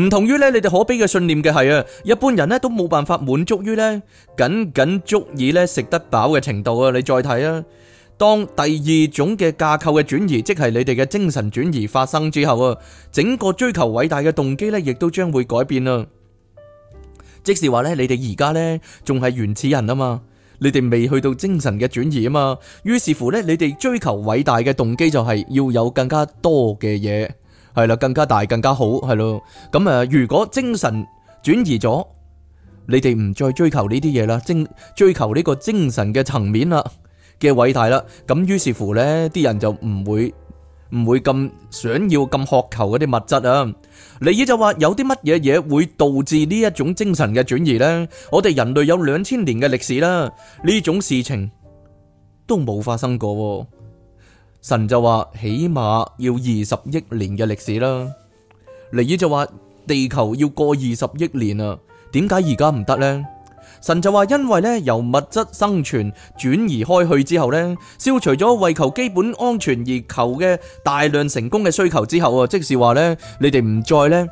唔同於咧你哋可悲嘅信念嘅係啊，一般人咧都冇辦法滿足於咧僅僅足以咧食得飽嘅程度啊！你再睇啊，當第二種嘅架構嘅轉移，即係你哋嘅精神轉移發生之後啊，整個追求偉大嘅動機咧，亦都將會改變啦。即是話咧你哋而家咧仲係原始人啊嘛。你哋未去到精神嘅轉移啊嘛，於是乎呢，你哋追求偉大嘅動機就係要有更加多嘅嘢。係啦，更加大，更加好，係咯。咁、嗯、誒，如果精神轉移咗，你哋唔再追求呢啲嘢啦，精追求呢個精神嘅層面啦嘅偉大啦，咁、嗯、於是乎呢，啲人就唔會唔會咁想要咁渴求嗰啲物質啊。尼爾就話，有啲乜嘢嘢會導致呢一種精神嘅轉移呢？我哋人類有兩千年嘅歷史啦，呢種事情都冇發生過。神就話，起碼要二十億年嘅歷史啦。尼爾就話，地球要過二十億年啊？點解而家唔得呢？神就話：因為咧由物質生存轉移開去之後咧，消除咗為求基本安全而求嘅大量成功嘅需求之後啊，即是話咧，你哋唔再咧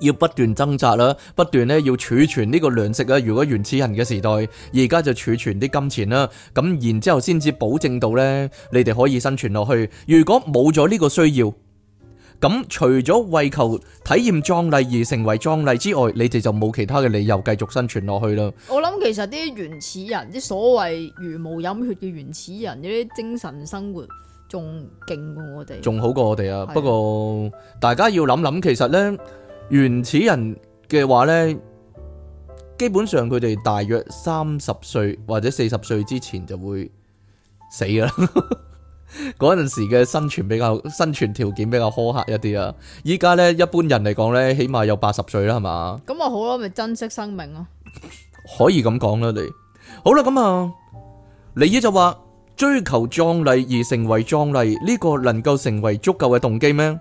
要不斷掙扎啦，不斷咧要儲存呢個糧食啊。如果原始人嘅時代，而家就儲存啲金錢啦，咁然之後先至保證到咧你哋可以生存落去。如果冇咗呢個需要。咁除咗為求體驗壯麗而成為壯麗之外，你哋就冇其他嘅理由繼續生存落去啦。我諗其實啲原始人，啲所謂茹毛飲血嘅原始人，呢啲精神生活仲勁過我哋，仲好過我哋啊。不過大家要諗諗，其實呢原始人嘅話呢，基本上佢哋大約三十歲或者四十歲之前就會死啦。嗰陣 時嘅生存比較生存條件比較苛刻一啲啊，依家呢，一般人嚟講呢，起碼有八十歲啦，係嘛？咁啊好咯，咪珍惜生命咯， 可以咁講啦。你好啦，咁啊，尼爾就話追求壯麗而成為壯麗呢個能夠成為足夠嘅動機咩？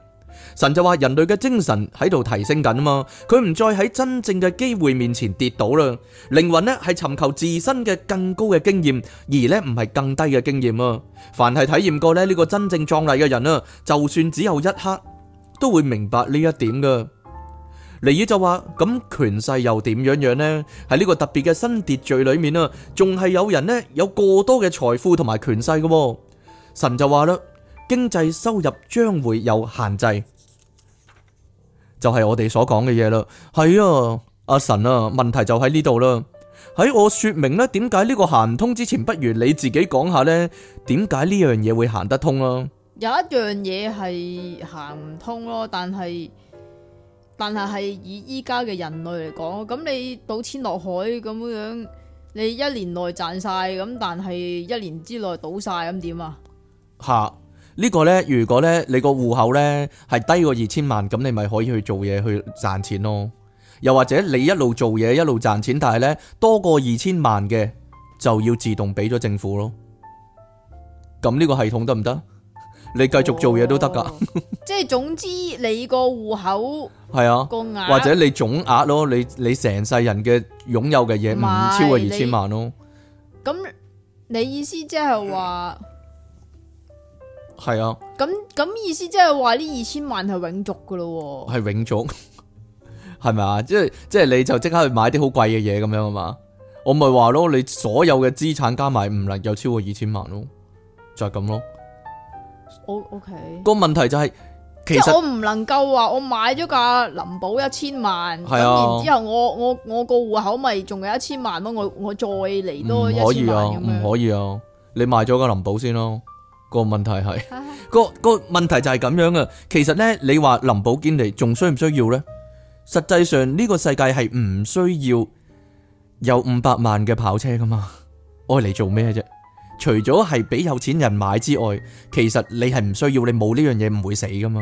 神就話人類嘅精神喺度提升緊啊嘛，佢唔再喺真正嘅機會面前跌倒啦。靈魂呢係尋求自身嘅更高嘅經驗，而呢唔係更低嘅經驗啊。凡係體驗過呢呢個真正壯麗嘅人啊，就算只有一刻，都會明白呢一點噶。尼爾就話，咁權勢又點樣樣呢？喺呢個特別嘅新秩序裏面啊，仲係有人呢有過多嘅財富同埋權勢噶。神就話啦，經濟收入將會有限制。就係我哋所講嘅嘢啦，係啊，阿神啊，問題就喺呢度啦。喺、哎、我說明咧點解呢個行唔通之前，不如你自己講下呢點解呢樣嘢會行得通咯、啊？有一樣嘢係行唔通咯，但係但係係以依家嘅人類嚟講，咁你倒錢落海咁樣樣，你一年內賺晒咁，但係一年之內倒晒咁點啊？吓！呢個呢，如果呢你個戶口呢係低過二千萬，咁你咪可以去做嘢去賺錢咯。又或者你一路做嘢一路賺錢，但係呢多過二千萬嘅，就要自動俾咗政府咯。咁呢個系統得唔得？你繼續做嘢都得噶。哦、 即係總之你戶，你個戶口係啊，或者你總額咯，你你成世人嘅擁有嘅嘢唔超過二千萬咯。咁你，你意思即係話？嗯係啊，咁咁意思即係話呢二千萬係永續噶咯，係永續，係咪啊？即係即係你就即刻去買啲好貴嘅嘢咁樣啊嘛？我咪話咯，你所有嘅資產加埋唔能有超過二千萬咯，就係、是、咁咯。O, OK。個問題就係、是，其實我唔能夠話我買咗架林寶一千萬，啊、然後之後我我我個戶口咪仲有一千萬咯？我我再嚟多一千萬咁、啊、樣，唔可以啊！你買咗架林寶先咯。個問題係個個問題就係咁樣嘅，其實呢，你話林寶堅尼仲需唔需要呢？實際上呢個世界係唔需要有五百萬嘅跑車噶嘛，愛嚟做咩啫？除咗係俾有錢人買之外，其實你係唔需要，你冇呢樣嘢唔會死噶嘛。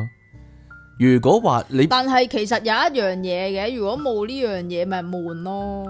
如果話你，但係其實有一樣嘢嘅，如果冇呢樣嘢，咪悶咯。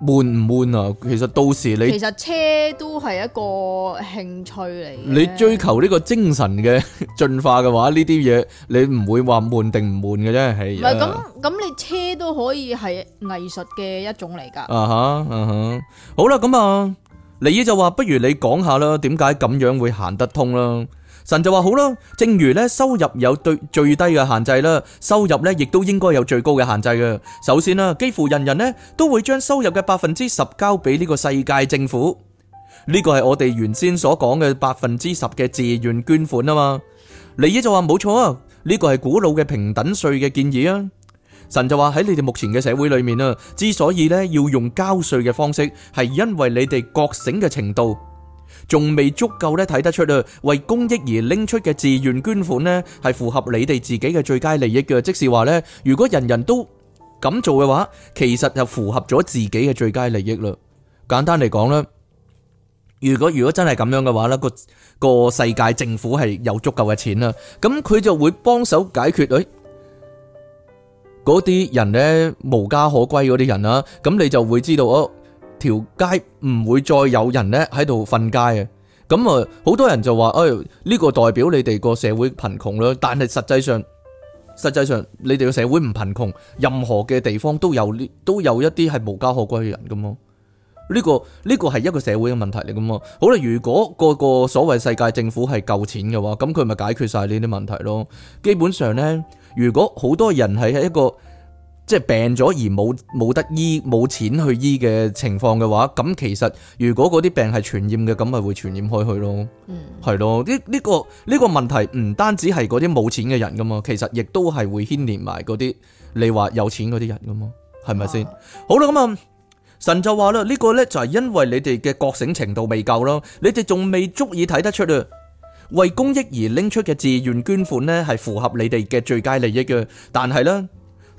悶唔悶啊？其實到時你其實車都係一個興趣嚟。你追求呢個精神嘅進化嘅話，呢啲嘢你唔會話悶定唔悶嘅啫。係咪咁咁？你，、啊嗯、你車都可以係藝術嘅一種嚟噶。啊哈、uh，嗯、huh, 哼、uh。Huh. 好啦，咁啊，李姨就話，不如你講下啦，點解咁樣會行得通啦？神就話好啦，正如咧收入有對最低嘅限制啦，收入咧亦都應該有最高嘅限制嘅。首先啦，幾乎人人咧都會將收入嘅百分之十交俾呢個世界政府，呢、呢個係我哋原先所講嘅百分之十嘅自願捐款啊嘛。尼爾就話，冇錯啊，呢、呢個係古老嘅平等稅嘅建議啊。神就話喺你哋目前嘅社會裏面啊，之所以咧要用交稅嘅方式，係因為你哋覺醒嘅程度仲未足夠咧睇得出啊！為公益而拎出嘅自願捐款咧，係符合你哋自己嘅最佳利益嘅。即是話咧，如果人人都咁做嘅話，其實就符合咗自己嘅最佳利益啦。簡單嚟講咧，如果如果真係咁樣嘅話咧，個個世界政府係有足夠嘅錢啦，咁佢就會幫手解決誒嗰啲人咧無家可歸嗰啲人呀，咁你就會知道哦。條街唔會再有人咧喺度瞓街嘅，咁啊，好多人就話，誒，呢個代表你哋個社會貧窮咯。但係實際上，實際上你哋個社會唔貧窮，任何嘅地方都有，都有一啲係無家可歸嘅人噶嘛。呢個呢個係一個社會嘅問題嚟噶嘛。好啦，如果個個所謂世界政府係夠錢嘅話，咁佢咪解決晒呢啲問題咯。基本上咧，如果好多人係喺一個，即係病咗而冇冇得醫、冇錢去醫嘅情況嘅話，咁其實如果嗰啲病係傳染嘅，咁咪會傳染開去咯，係、嗯、咯？呢、這、呢個呢、呢個問題唔單止係嗰啲冇錢嘅人噶嘛，其實亦都係會牽連埋嗰啲你話有錢嗰啲人噶嘛，係咪先？啊、好啦，咁啊，神就話啦，呢、呢個呢就係因為你哋嘅覺醒程度未夠啦，你哋仲未足以睇得出啊，為公益而拎出嘅自願捐款呢，係符合你哋嘅最佳利益嘅，但係呢。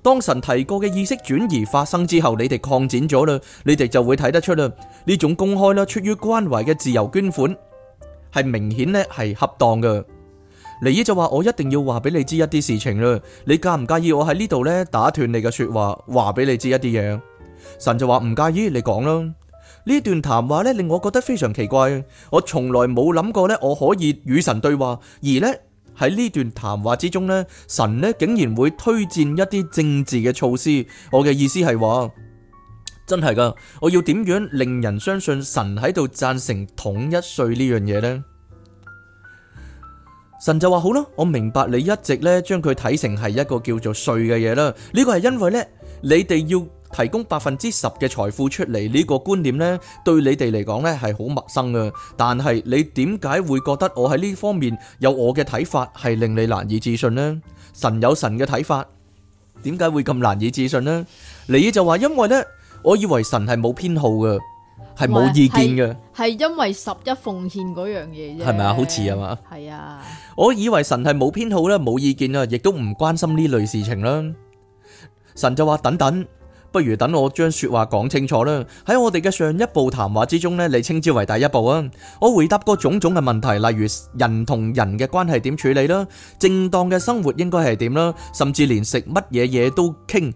當神提過嘅意識轉移發生之後，你哋擴展咗啦，你哋就會睇得出啦。呢種公開啦，出於關懷嘅自由捐款，係明顯咧係恰當嘅。尼爾就話：我一定要話俾你知一啲事情啦。你介唔介意我喺呢度咧打斷你嘅說話，話俾你知一啲嘢？神就話：唔介意，你講啦。呢段談話咧令我覺得非常奇怪。我從來冇諗過咧，我可以與神對話，而咧。喺呢段談話之中，呢神呢竟然會推薦一啲政治嘅措施。我嘅意思係話，真係噶，我要點樣令人相信神喺度贊成統一稅呢樣嘢呢？神就話，好啦，我明白你一直呢將佢睇成係一個叫做稅嘅嘢啦。呢個係因為呢，你哋要提供百分之十嘅財富出嚟呢個觀念咧，對你哋嚟講咧係好陌生嘅。但係你點解會覺得我喺呢方面有我嘅睇法係令你難以置信咧？神有神嘅睇法，點解會咁難以置信咧？尼爾就話：因為咧，我以為神係冇偏好嘅，係冇意見嘅，係因為十一奉獻嗰樣嘢啫，係咪啊？好似係嘛，係啊，我以為神係冇偏好咧，冇意見啊，亦都唔關心呢類事情啦。神就話：等等。不如等我將說話講清楚啦。喺我哋嘅上一步談話之中，呢你稱之為第一步啊。我回答過種種嘅問題，例如人同人嘅關係點處理啦，正當嘅生活應該係點啦，甚至連食乜嘢嘢都傾。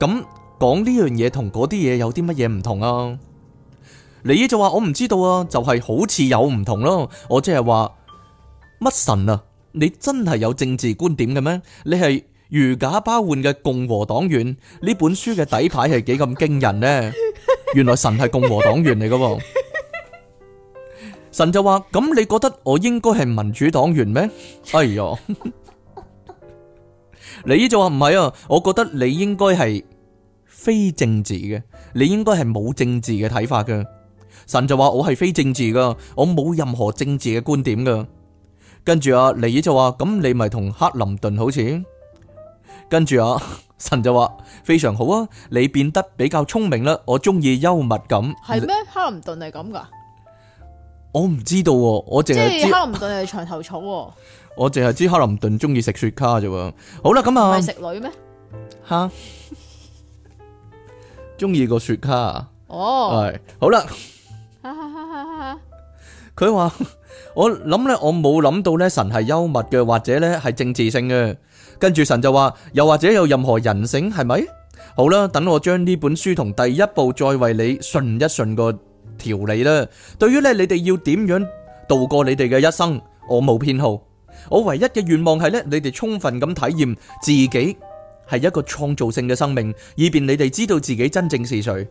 咁講呢樣嘢同嗰啲嘢有啲乜嘢唔同啊？你就話我唔知道啊，就係、是、好似有唔同咯。我即係話乜神啊？你真係有政治觀點嘅咩？你係？如假包換嘅共和黨員。呢本書嘅底牌係幾咁驚人呢？原來神係共和黨員嚟噶神就話，咁你覺得我應該係民主黨員咩？哎喲，尼 爾 就話唔係啊，我覺得你應該係非政治嘅，你應該係冇政治嘅睇法嘅。神就話我係非政治噶我冇任何政治嘅觀點噶跟住啊，尼爾就話，咁你咪同克林頓好似？跟住啊，神就話非常好啊，你變得比較聰明啦，我中意幽默感。係咩？克林頓係咁噶？我唔知道喎，我淨係知克林頓係牆頭草，啊。 我淨係知克林頓中意食雪茄啫。好啦，咁啊，係食女咩？吓？中意個雪茄。哦， 係好啦。哈哈哈！哈哈，佢話我諗咧，我冇諗到咧，神係幽默嘅，或者咧係政治性嘅。跟住神就話，又或者有任何人性係咪？好啦，等我將呢本書同第一部再為你順一順個條理啦。對於咧，你哋要點樣度過你哋嘅一生，我冇偏好。我唯一嘅願望係咧，你哋充分咁體驗自己係一個創造性嘅生命，以便你哋知道自己真正是誰。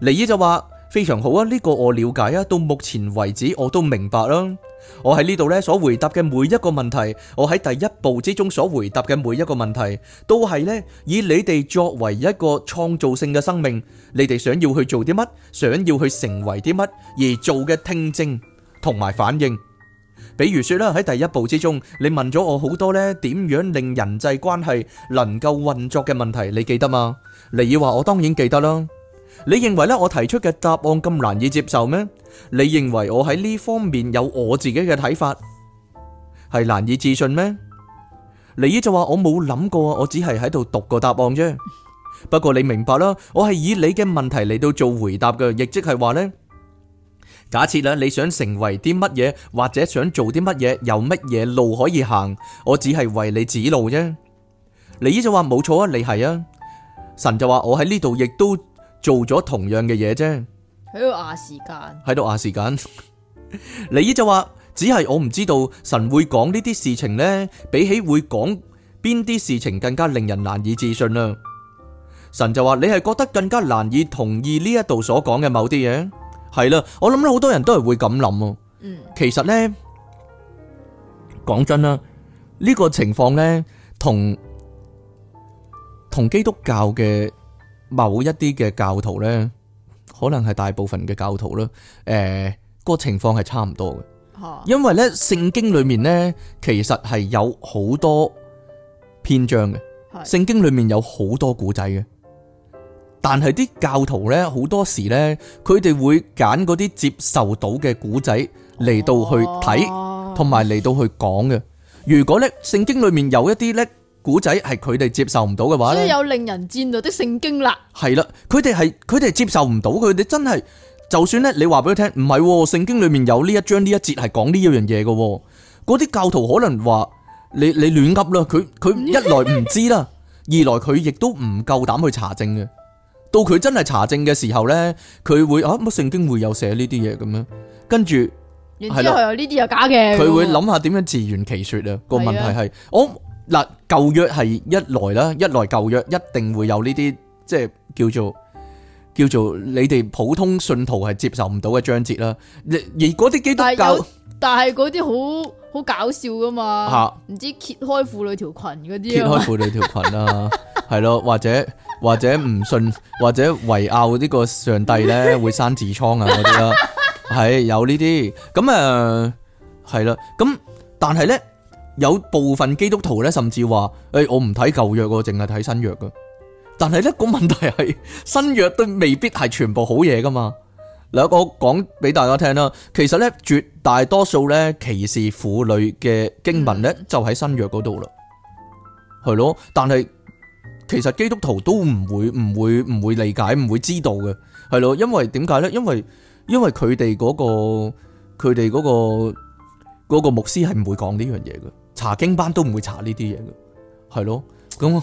尼爾就話，非常好啊，呢個我了解啊，到目前為止我都明白啦。我喺呢度咧所回答嘅每一個問題，我喺第一步之中所回答嘅每一個問題，都係咧以你哋作為一個創造性嘅生命，你哋想要去做啲乜，想要去成為啲乜而做嘅聽證同埋反應。比如說咧，喺第一步之中，你問咗我好多咧點樣令人際關係能夠運作嘅問題，你記得嗎？尼爾話，我當然記得啦。你認為咧我提出嘅答案咁難以接受咩？你認為我喺呢方面有我自己嘅睇法，係難以置信咩？尼爾就話我冇諗過啊，我只係喺度讀個答案啫。 不過你明白啦，我係以你嘅問題嚟到做回答噶，亦即係話呢：「假設啦，你想成為啲乜嘢，或者想做啲乜嘢，有乜嘢路可以行，我只係為你指路啫。」尼爾就話冇錯啊，你係啊，神就話我喺呢度亦都做咗同樣嘅嘢啫。喺度壓時間，喺度壓時間。李姨就話：只係我唔知道神會講呢啲事情呢，比起會講邊啲事情更加令人難以置信啦、啊。神就話：你係覺得更加難以同意呢一度所講嘅某啲嘢？係啦，我諗好多人都係會咁諗、啊。嗯，其實呢，講真啦，呢、這個情況呢，同同基督教嘅某一啲嘅教徒呢。可能係大部分嘅教徒啦，誒，個情況係差唔多嘅，因為咧聖經裏面咧其實係有好多篇章嘅，聖經裏面有好多古仔嘅，但係啲教徒咧好多時咧佢哋會揀嗰啲接受到嘅古仔嚟到去睇，同埋嚟到去講嘅。如果咧聖經裏面有一啲咧。古仔係佢哋接受唔到嘅話，所以有令人戰鬥的聖經啦。係啦，佢哋係佢哋接受唔到，佢哋真係就算咧，你話俾佢聽唔係聖經裏面有呢一章呢一節係講呢一樣嘢嘅。嗰啲教徒可能話你你亂噏啦，佢佢一來唔知啦，二來佢亦都唔夠膽去查證嘅。到佢真係查證嘅時候咧，佢會啊乜聖經會有寫呢啲嘢咁樣，跟住然之後，係啦，呢啲又假嘅。佢會諗下點樣自圓其說啊？個問題係我。嗱，舊約係一來啦，一來舊約一定會有呢啲即係叫做叫做你哋普通信徒係接受唔到嘅章節啦。而嗰啲基督教，但係嗰啲好好搞笑噶嘛，唔、啊、知揭開婦女條裙嗰啲，揭開婦女條裙啊，係咯， 或者或者唔信或者違拗呢個上帝咧，會生痔瘡啊嗰啲啦，係 有、呃、呢啲咁誒係啦，咁但係咧。有部分基督徒咧，甚至話誒、欸,我唔睇舊約喎，淨係睇新約噶。但係咧、嗰個問題係新約都未必係全部好嘢噶嘛。嗱，我講俾大家聽啦，其實咧絕大多數咧歧視婦女嘅經文咧，就喺新約嗰度啦，係咯。但係其實基督徒都唔會唔會唔會理解唔會知道嘅，係咯。因為點解咧？因為因為佢哋嗰個佢哋嗰個、嗰個牧師係唔會講呢樣嘢嘅。查經班都唔會查呢啲嘢嘅，係咯，咁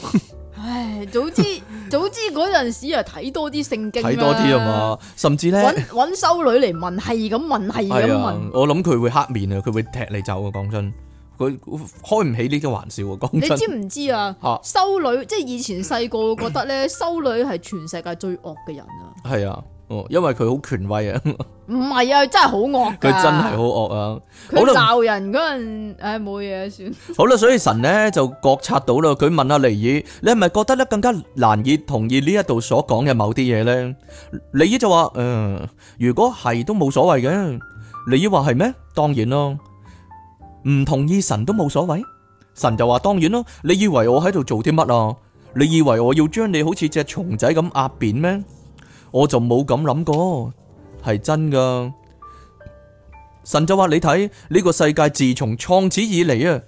唉，早知 早知嗰陣時啊，睇多啲聖經，睇多啲啊嘛。甚至咧，揾揾修女嚟問，係咁問，係咁問，啊、我諗佢會黑面啊，佢會踢你走你知知啊，講真，佢開唔起呢啲玩笑啊，講真，你知唔知啊？修女即係以前細個覺得咧，修女係全世界最惡嘅人啊，係啊。哦，因為佢好權威啊！唔係啊，真係好惡噶！佢真係好惡啊！佢鬧人嗰陣，誒，冇嘢算。好啦，所以神呢就覺察到啦，佢問阿尼爾：你係咪覺得咧更加難以同意呢一度所講嘅某啲嘢呢？尼爾就話：嗯，如果係都冇所謂嘅。尼爾話係咩？當然咯，唔同意神都冇所謂。神就話：當然咯，你以為我喺度做啲乜啊？你以為我要將你好似隻蟲仔咁壓扁咩？我就冇咁諗過，係真噶。神就話，你睇呢個世界，自從創始以嚟啊，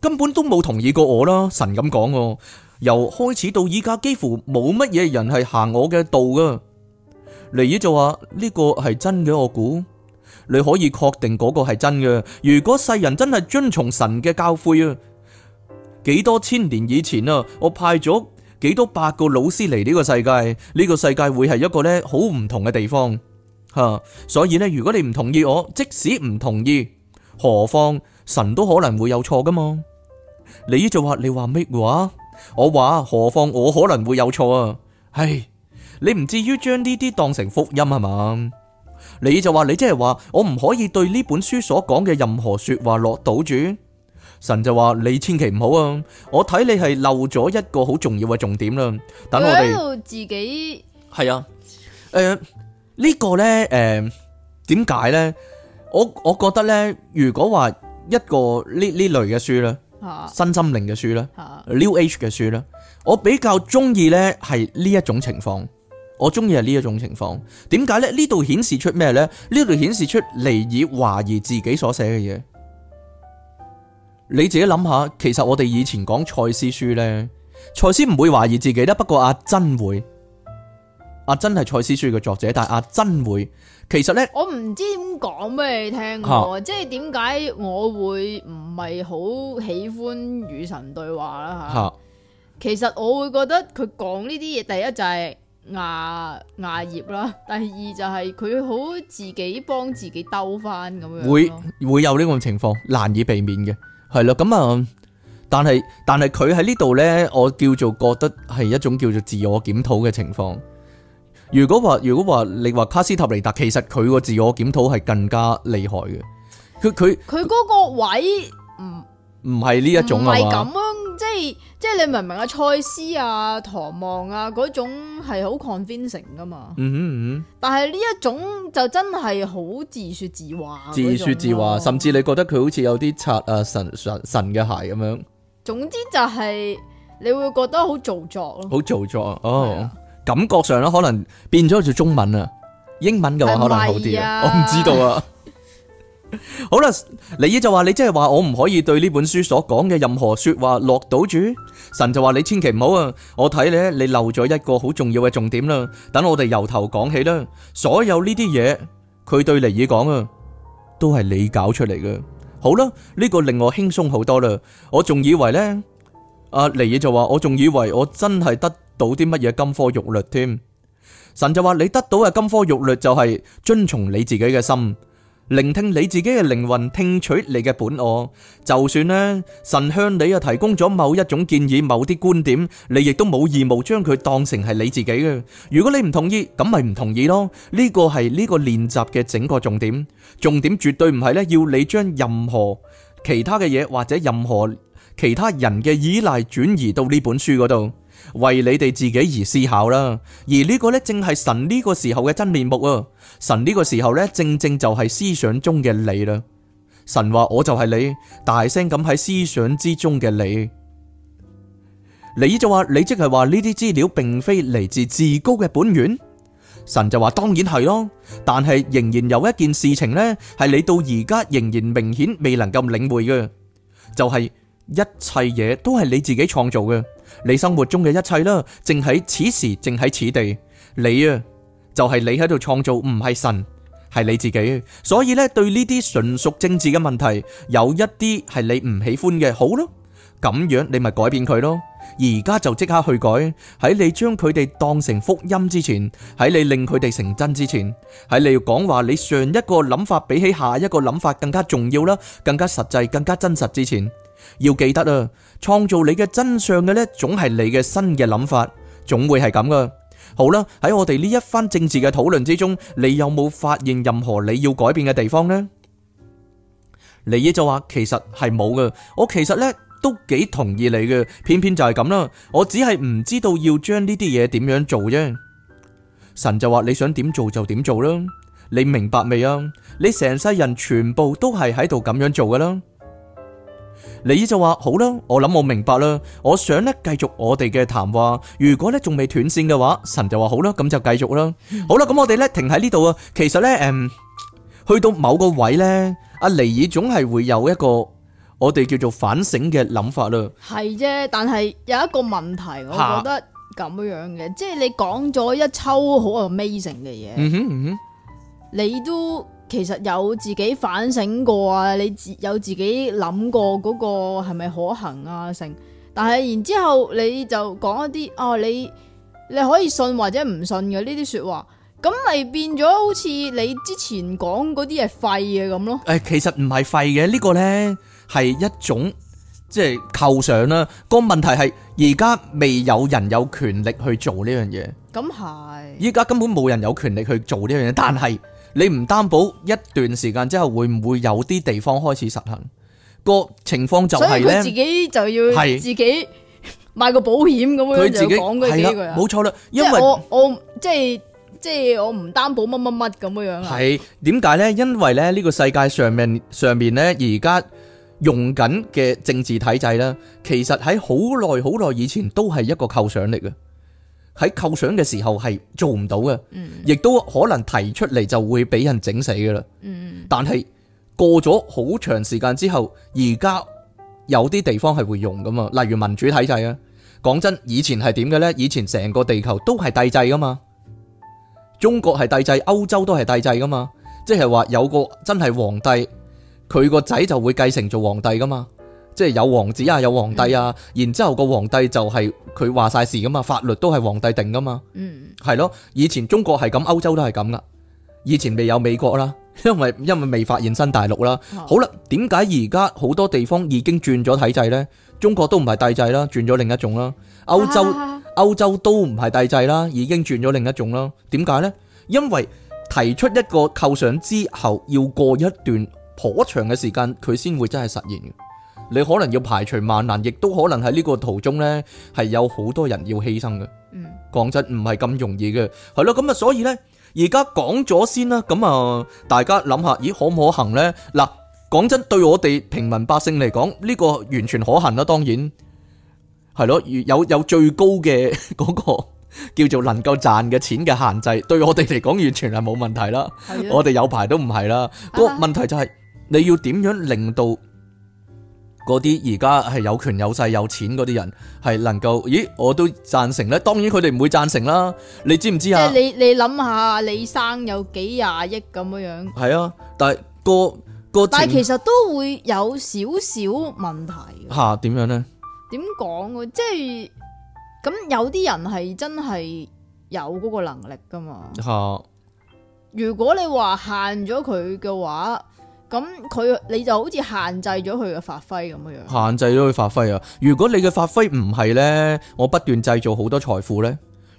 根本都冇同意過我啦。神咁講，由開始到而家，幾乎冇乜嘢人係行我嘅道噶。尼爾就話，呢個係真嘅，我估你可以確定嗰個係真嘅。如果世人真係遵從神嘅教誨啊，幾多千年以前啊，我派咗。幾多百個老師嚟呢個世界？呢個世界會係一個咧好唔同嘅地方吓，所以呢，如果你唔同意我，即使唔同意，何況神都可能會有錯噶嘛？你就話你話咩話？我話何況我可能會有錯啊！唉，你唔至於將呢啲當成福音係嘛？你就話你即係話我唔可以對呢本書所講嘅任何說話落賭注？神就話：你千祈唔好啊！我睇你係漏咗一個好重要嘅重點啦。等我哋自己係啊，誒呢個咧，誒點解咧？我我覺得咧，如果話一個呢呢類嘅書咧，啊，身心靈嘅書咧，啊，New Age 嘅書咧，我比較中意咧係呢一種情況，我中意係呢一種情況。點解咧？呢度顯示出咩咧？呢度顯示出尼爾懷疑自己所寫嘅嘢。你自己諗下，其實我哋以前講賽斯書呢，賽斯唔會懷疑自己啦。不過阿珍會，阿珍係賽斯書嘅作者，但係阿珍會，其實呢，我唔知點講俾你聽，啊、即係點解我會唔係好喜歡與神對話啦吓。啊啊、其實我會覺得佢講呢啲嘢，第一就係牙牙業啦，第二就係佢好自己幫自己兜翻咁會樣，會會有呢個情況，難以避免嘅。係啦，咁啊、嗯，但係但係佢喺呢度咧，我叫做覺得係一種叫做自我檢討嘅情況。如果話如果話你話卡斯塔尼達，其實佢個自我檢討係更加厲害嘅。佢佢佢個位唔唔係呢一種啊嘛。即係即係你明唔明啊？蔡思啊、唐望啊嗰種係好 convincing 噶嘛，嗯嗯，但係呢一種就真係好自說自話，啊，自說自話，甚至你覺得佢好似有啲擦啊神神神嘅鞋咁樣。總之就係你會覺得好做作咯，啊，好做作、啊、哦、啊，感覺上咯可能變咗做中文啊，英文嘅話可能好啲啊，我唔知道啊。 好啦，尼爾就話，你即係話我唔可以對呢本書所講嘅任何說話落賭注，神就話，你千祈唔好啊！我睇你，你漏咗一個好重要嘅重點啦。等我哋由頭講起啦。所有呢啲嘢，佢對尼爾講啊，都係你搞出嚟嘅。好啦，呢個令我輕鬆好多啦。我仲以為呢，阿尼爾就話，我仲以為我真係得到啲乜嘢金科玉律添。神就話，你得到嘅金科玉律就係遵從你自己嘅心。聆聽你自己嘅靈魂，聽取你嘅本我。就算呢，神向你啊提供咗某一種建議，某啲觀點，你亦都冇義務將佢當成係你自己嘅。如果你唔同意，咁咪唔同意咯。呢個係呢個練習嘅整個重點，重點絕對唔係呢要你將任何其他嘅嘢，或者任何其他人嘅依賴轉移到呢本書嗰度，為你哋自己而思考啦。而呢個呢正係神呢個時候嘅真面目啊！神呢個時候呢，正正就係思想中嘅你啦。神話我就係你，大聲咁喺思想之中嘅你。你就話，你即係話呢啲資料並非嚟自至高嘅本源。神就話當然係咯，但係仍然有一件事情呢，係你到而家仍然明顯未能夠領會嘅，就係一切嘢都係你自己創造嘅，你生活中嘅一切啦，正喺此時，正喺此地，你啊。就係你喺度創造，唔係神，係你自己。所以咧，對呢啲純屬政治嘅問題，有一啲係你唔喜歡嘅，好咯，咁樣你咪改變佢咯。而家就即刻去改，喺你將佢哋當成福音之前，喺你令佢哋成真之前，喺你要講話你上一個諗法比起下一個諗法更加重要啦，更加實際，更加真實之前，要記得啊，創造你嘅真相嘅呢，總係你嘅新嘅諗法，總會係咁噶。好啦，喺我哋呢一番政治嘅討論之中，你有冇發現任何你要改變嘅地方呢？你呢就話：其實係冇嘅。我其實咧都幾同意你嘅，偏偏就係咁啦。我只係唔知道要將呢啲嘢點樣做啫。神就話：你想點做就點做啦。你明白未啊？你成世人全部都係喺度咁樣做噶啦。尼爾就話好啦，我諗我明白啦，我想咧繼續我哋嘅談話。如果咧仲未斷線嘅話，神就話好啦，咁就繼續啦。好啦，咁我哋咧停喺呢度啊。其實咧，誒，去到某個位咧，阿尼爾總係會有一個我哋叫做反省嘅諗法咯。係啫，但係有一個問題，我覺得咁樣嘅，即係你講咗一抽好 amazing 嘅嘢。嗯哼嗯哼，你都。其實有自己反省過啊，你有自己諗過嗰個係咪可行啊？成，但係然之後你就講一啲哦，你你可以信或者唔信嘅呢啲說話，咁咪變咗好似你之前講嗰啲係廢嘅咁咯。誒，其實唔係廢嘅，呢個呢，係一種即係構想啦。個問題係而家未有人有權力去做呢樣嘢。咁係，依家根本冇人有權力去做呢樣嘢，但係。你唔擔保一段時間之後會唔會有啲地方開始實行，個情況就係，是，咧，佢自己就要自己買個保險咁樣樣，佢自己講嘅呢句冇錯啦，因為我我即係即係我唔擔保乜乜乜咁樣樣啊。係點解咧？因為咧，就是就是，呢，為呢，呢個世界上面上面咧而家用緊嘅政治體制啦，其實喺好耐好耐以前都係一個構想嚟嘅。喺構想嘅時候係做唔到嘅，亦都可能提出嚟，就會俾人整死噶啦。但係過咗好長時間之後，而家有啲地方係會用噶嘛，例如民主體制啊。講真，以前係點嘅呢？以前成個地球都係帝制噶嘛，中國係帝制，歐洲都係帝制噶嘛，即係話有個真係皇帝，佢個仔就會繼承做皇帝噶嘛。即係有王子啊，有皇帝啊，然之後個皇帝就係佢話晒事噶嘛，法律都係皇帝定噶嘛，嗯，係咯，以前中國係咁，歐洲都係咁噶，以前未有美國啦，因為因為未發現新大陸啦。哦、好啦，點解而家好多地方已經轉咗體制呢？中國都唔係帝制啦，轉咗另一種啦。歐洲、啊啊啊、歐洲都唔係帝制啦，已經轉咗另一種啦。點解呢？因為提出一個構想之後，要過一段頗長嘅時間，佢先會真係實現你可能要排除萬難，亦都可能喺呢個途中呢，係有好多人要犧牲嘅。嗯、講真，唔係咁容易嘅，係咯。咁啊，所以呢，而家講咗先啦。咁啊，大家諗下，咦，可唔可行呢？嗱，講真，對我哋平民百姓嚟講，呢個完全可行啦。當然係咯，有有最高嘅嗰個叫做能夠賺嘅錢嘅限制，對我哋嚟講，完全係冇問題啦。的我哋有排都唔係啦。啊、個問題就係你要點樣令到？嗰啲而家係有權有勢有錢嗰啲人，係能夠，咦？我都贊成咧。當然佢哋唔會贊成啦。你知唔知啊？即係你你諗下，你生有幾廿億咁樣樣。係啊，但係個個但係其實都會有少少問題。吓、啊，點樣咧？點講？即係咁有啲人係真係有嗰個能力噶嘛？吓、啊，如果你話限咗佢嘅話。咁佢你就好似限制咗佢嘅發揮，咁樣限制咗佢發揮啊！如果你嘅發揮唔係呢，我不斷製造好多財富呢；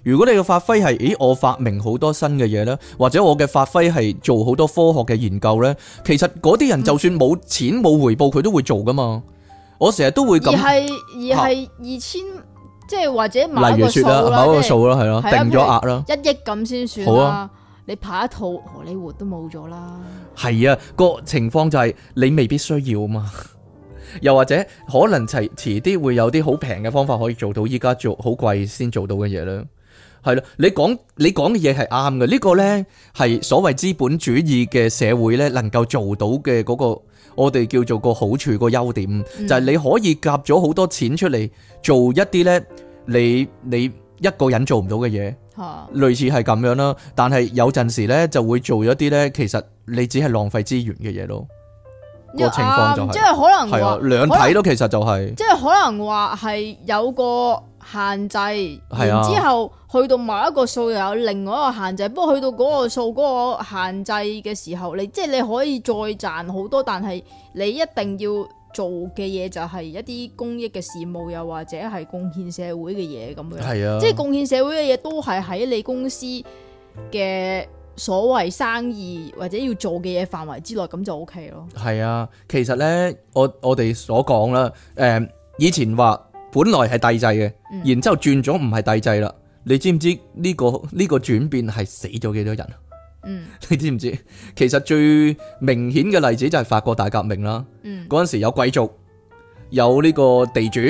如果你嘅發揮係，咦，我發明好多新嘅嘢咧，或者我嘅發揮係做好多科學嘅研究呢，其實嗰啲人、嗯、就算冇錢冇回報，佢都會做噶嘛。我成日都會咁，而係而係二千，即係或者例如說某個數啦，某個數啦，係咯，定咗額啦，一億咁先算好啊。你拍一套荷里活都冇咗啦，係啊，個情況就係你未必需要啊嘛， 又或者可能遲遲啲會有啲好平嘅方法可以做到依家做好貴先做到嘅嘢咧，係咯、啊，你講你講嘅嘢係啱嘅，呢個呢，係所謂資本主義嘅社會呢能夠做到嘅嗰個我哋叫做個好處，個優點，嗯、就係你可以夾咗好多錢出嚟，做一啲呢，你你。一個人做唔到嘅嘢，啊、類似係咁樣咯。但係有陣時呢，就會做咗啲呢，其實你只係浪費資源嘅嘢咯。啊、個情況就係、是，即係可能係啊兩體咯，其實就係、是，即係可能話係有個限制，然啊之後去到某一個數又有另外一個限制。不過、啊、去到嗰個數嗰、嗰個限制嘅時候，你即係、就是、你可以再賺好多，但係你一定要做嘅嘢就係一啲公益嘅事務又或者係貢獻社會嘅嘢咁樣，啊、即係貢獻社會嘅嘢都係喺你公司嘅所謂生意或者要做嘅嘢範圍之內，咁就 O K 咯。係啊，其實咧，我我哋所講啦，誒以前話本來係帝制嘅，然之後轉咗唔係帝制啦，嗯、你知唔知呢、呢個呢、呢個轉變係死咗幾多人？嗯， 你知唔知？其實最明顯嘅例子就係法國大革命啦。嗯，嗰 陣時有貴族，有呢個地主，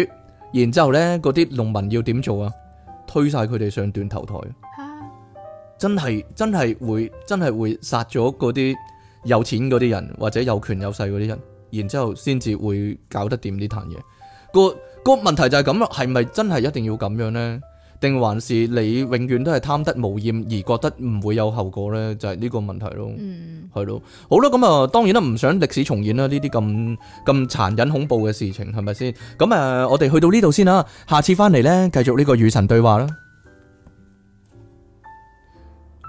然之後咧嗰啲農民要點做啊？推晒佢哋上斷頭台，啊、真係真係會真係會殺咗嗰啲有錢嗰啲人或者有權有勢嗰啲人，然之後先至會搞得掂呢壇嘢。個、那個問題就係咁啦，係咪真係一定要咁樣咧？定還是你永遠都係貪得無厭而覺得唔會有後果呢？就係、是、呢個問題咯，嗯，係咯，好啦，咁啊，當然啦，唔想歷史重演啦，呢啲咁咁殘忍恐怖嘅事情係咪先？咁誒、呃，我哋去到呢度先啦，下次翻嚟呢，繼續呢個與神對話啦。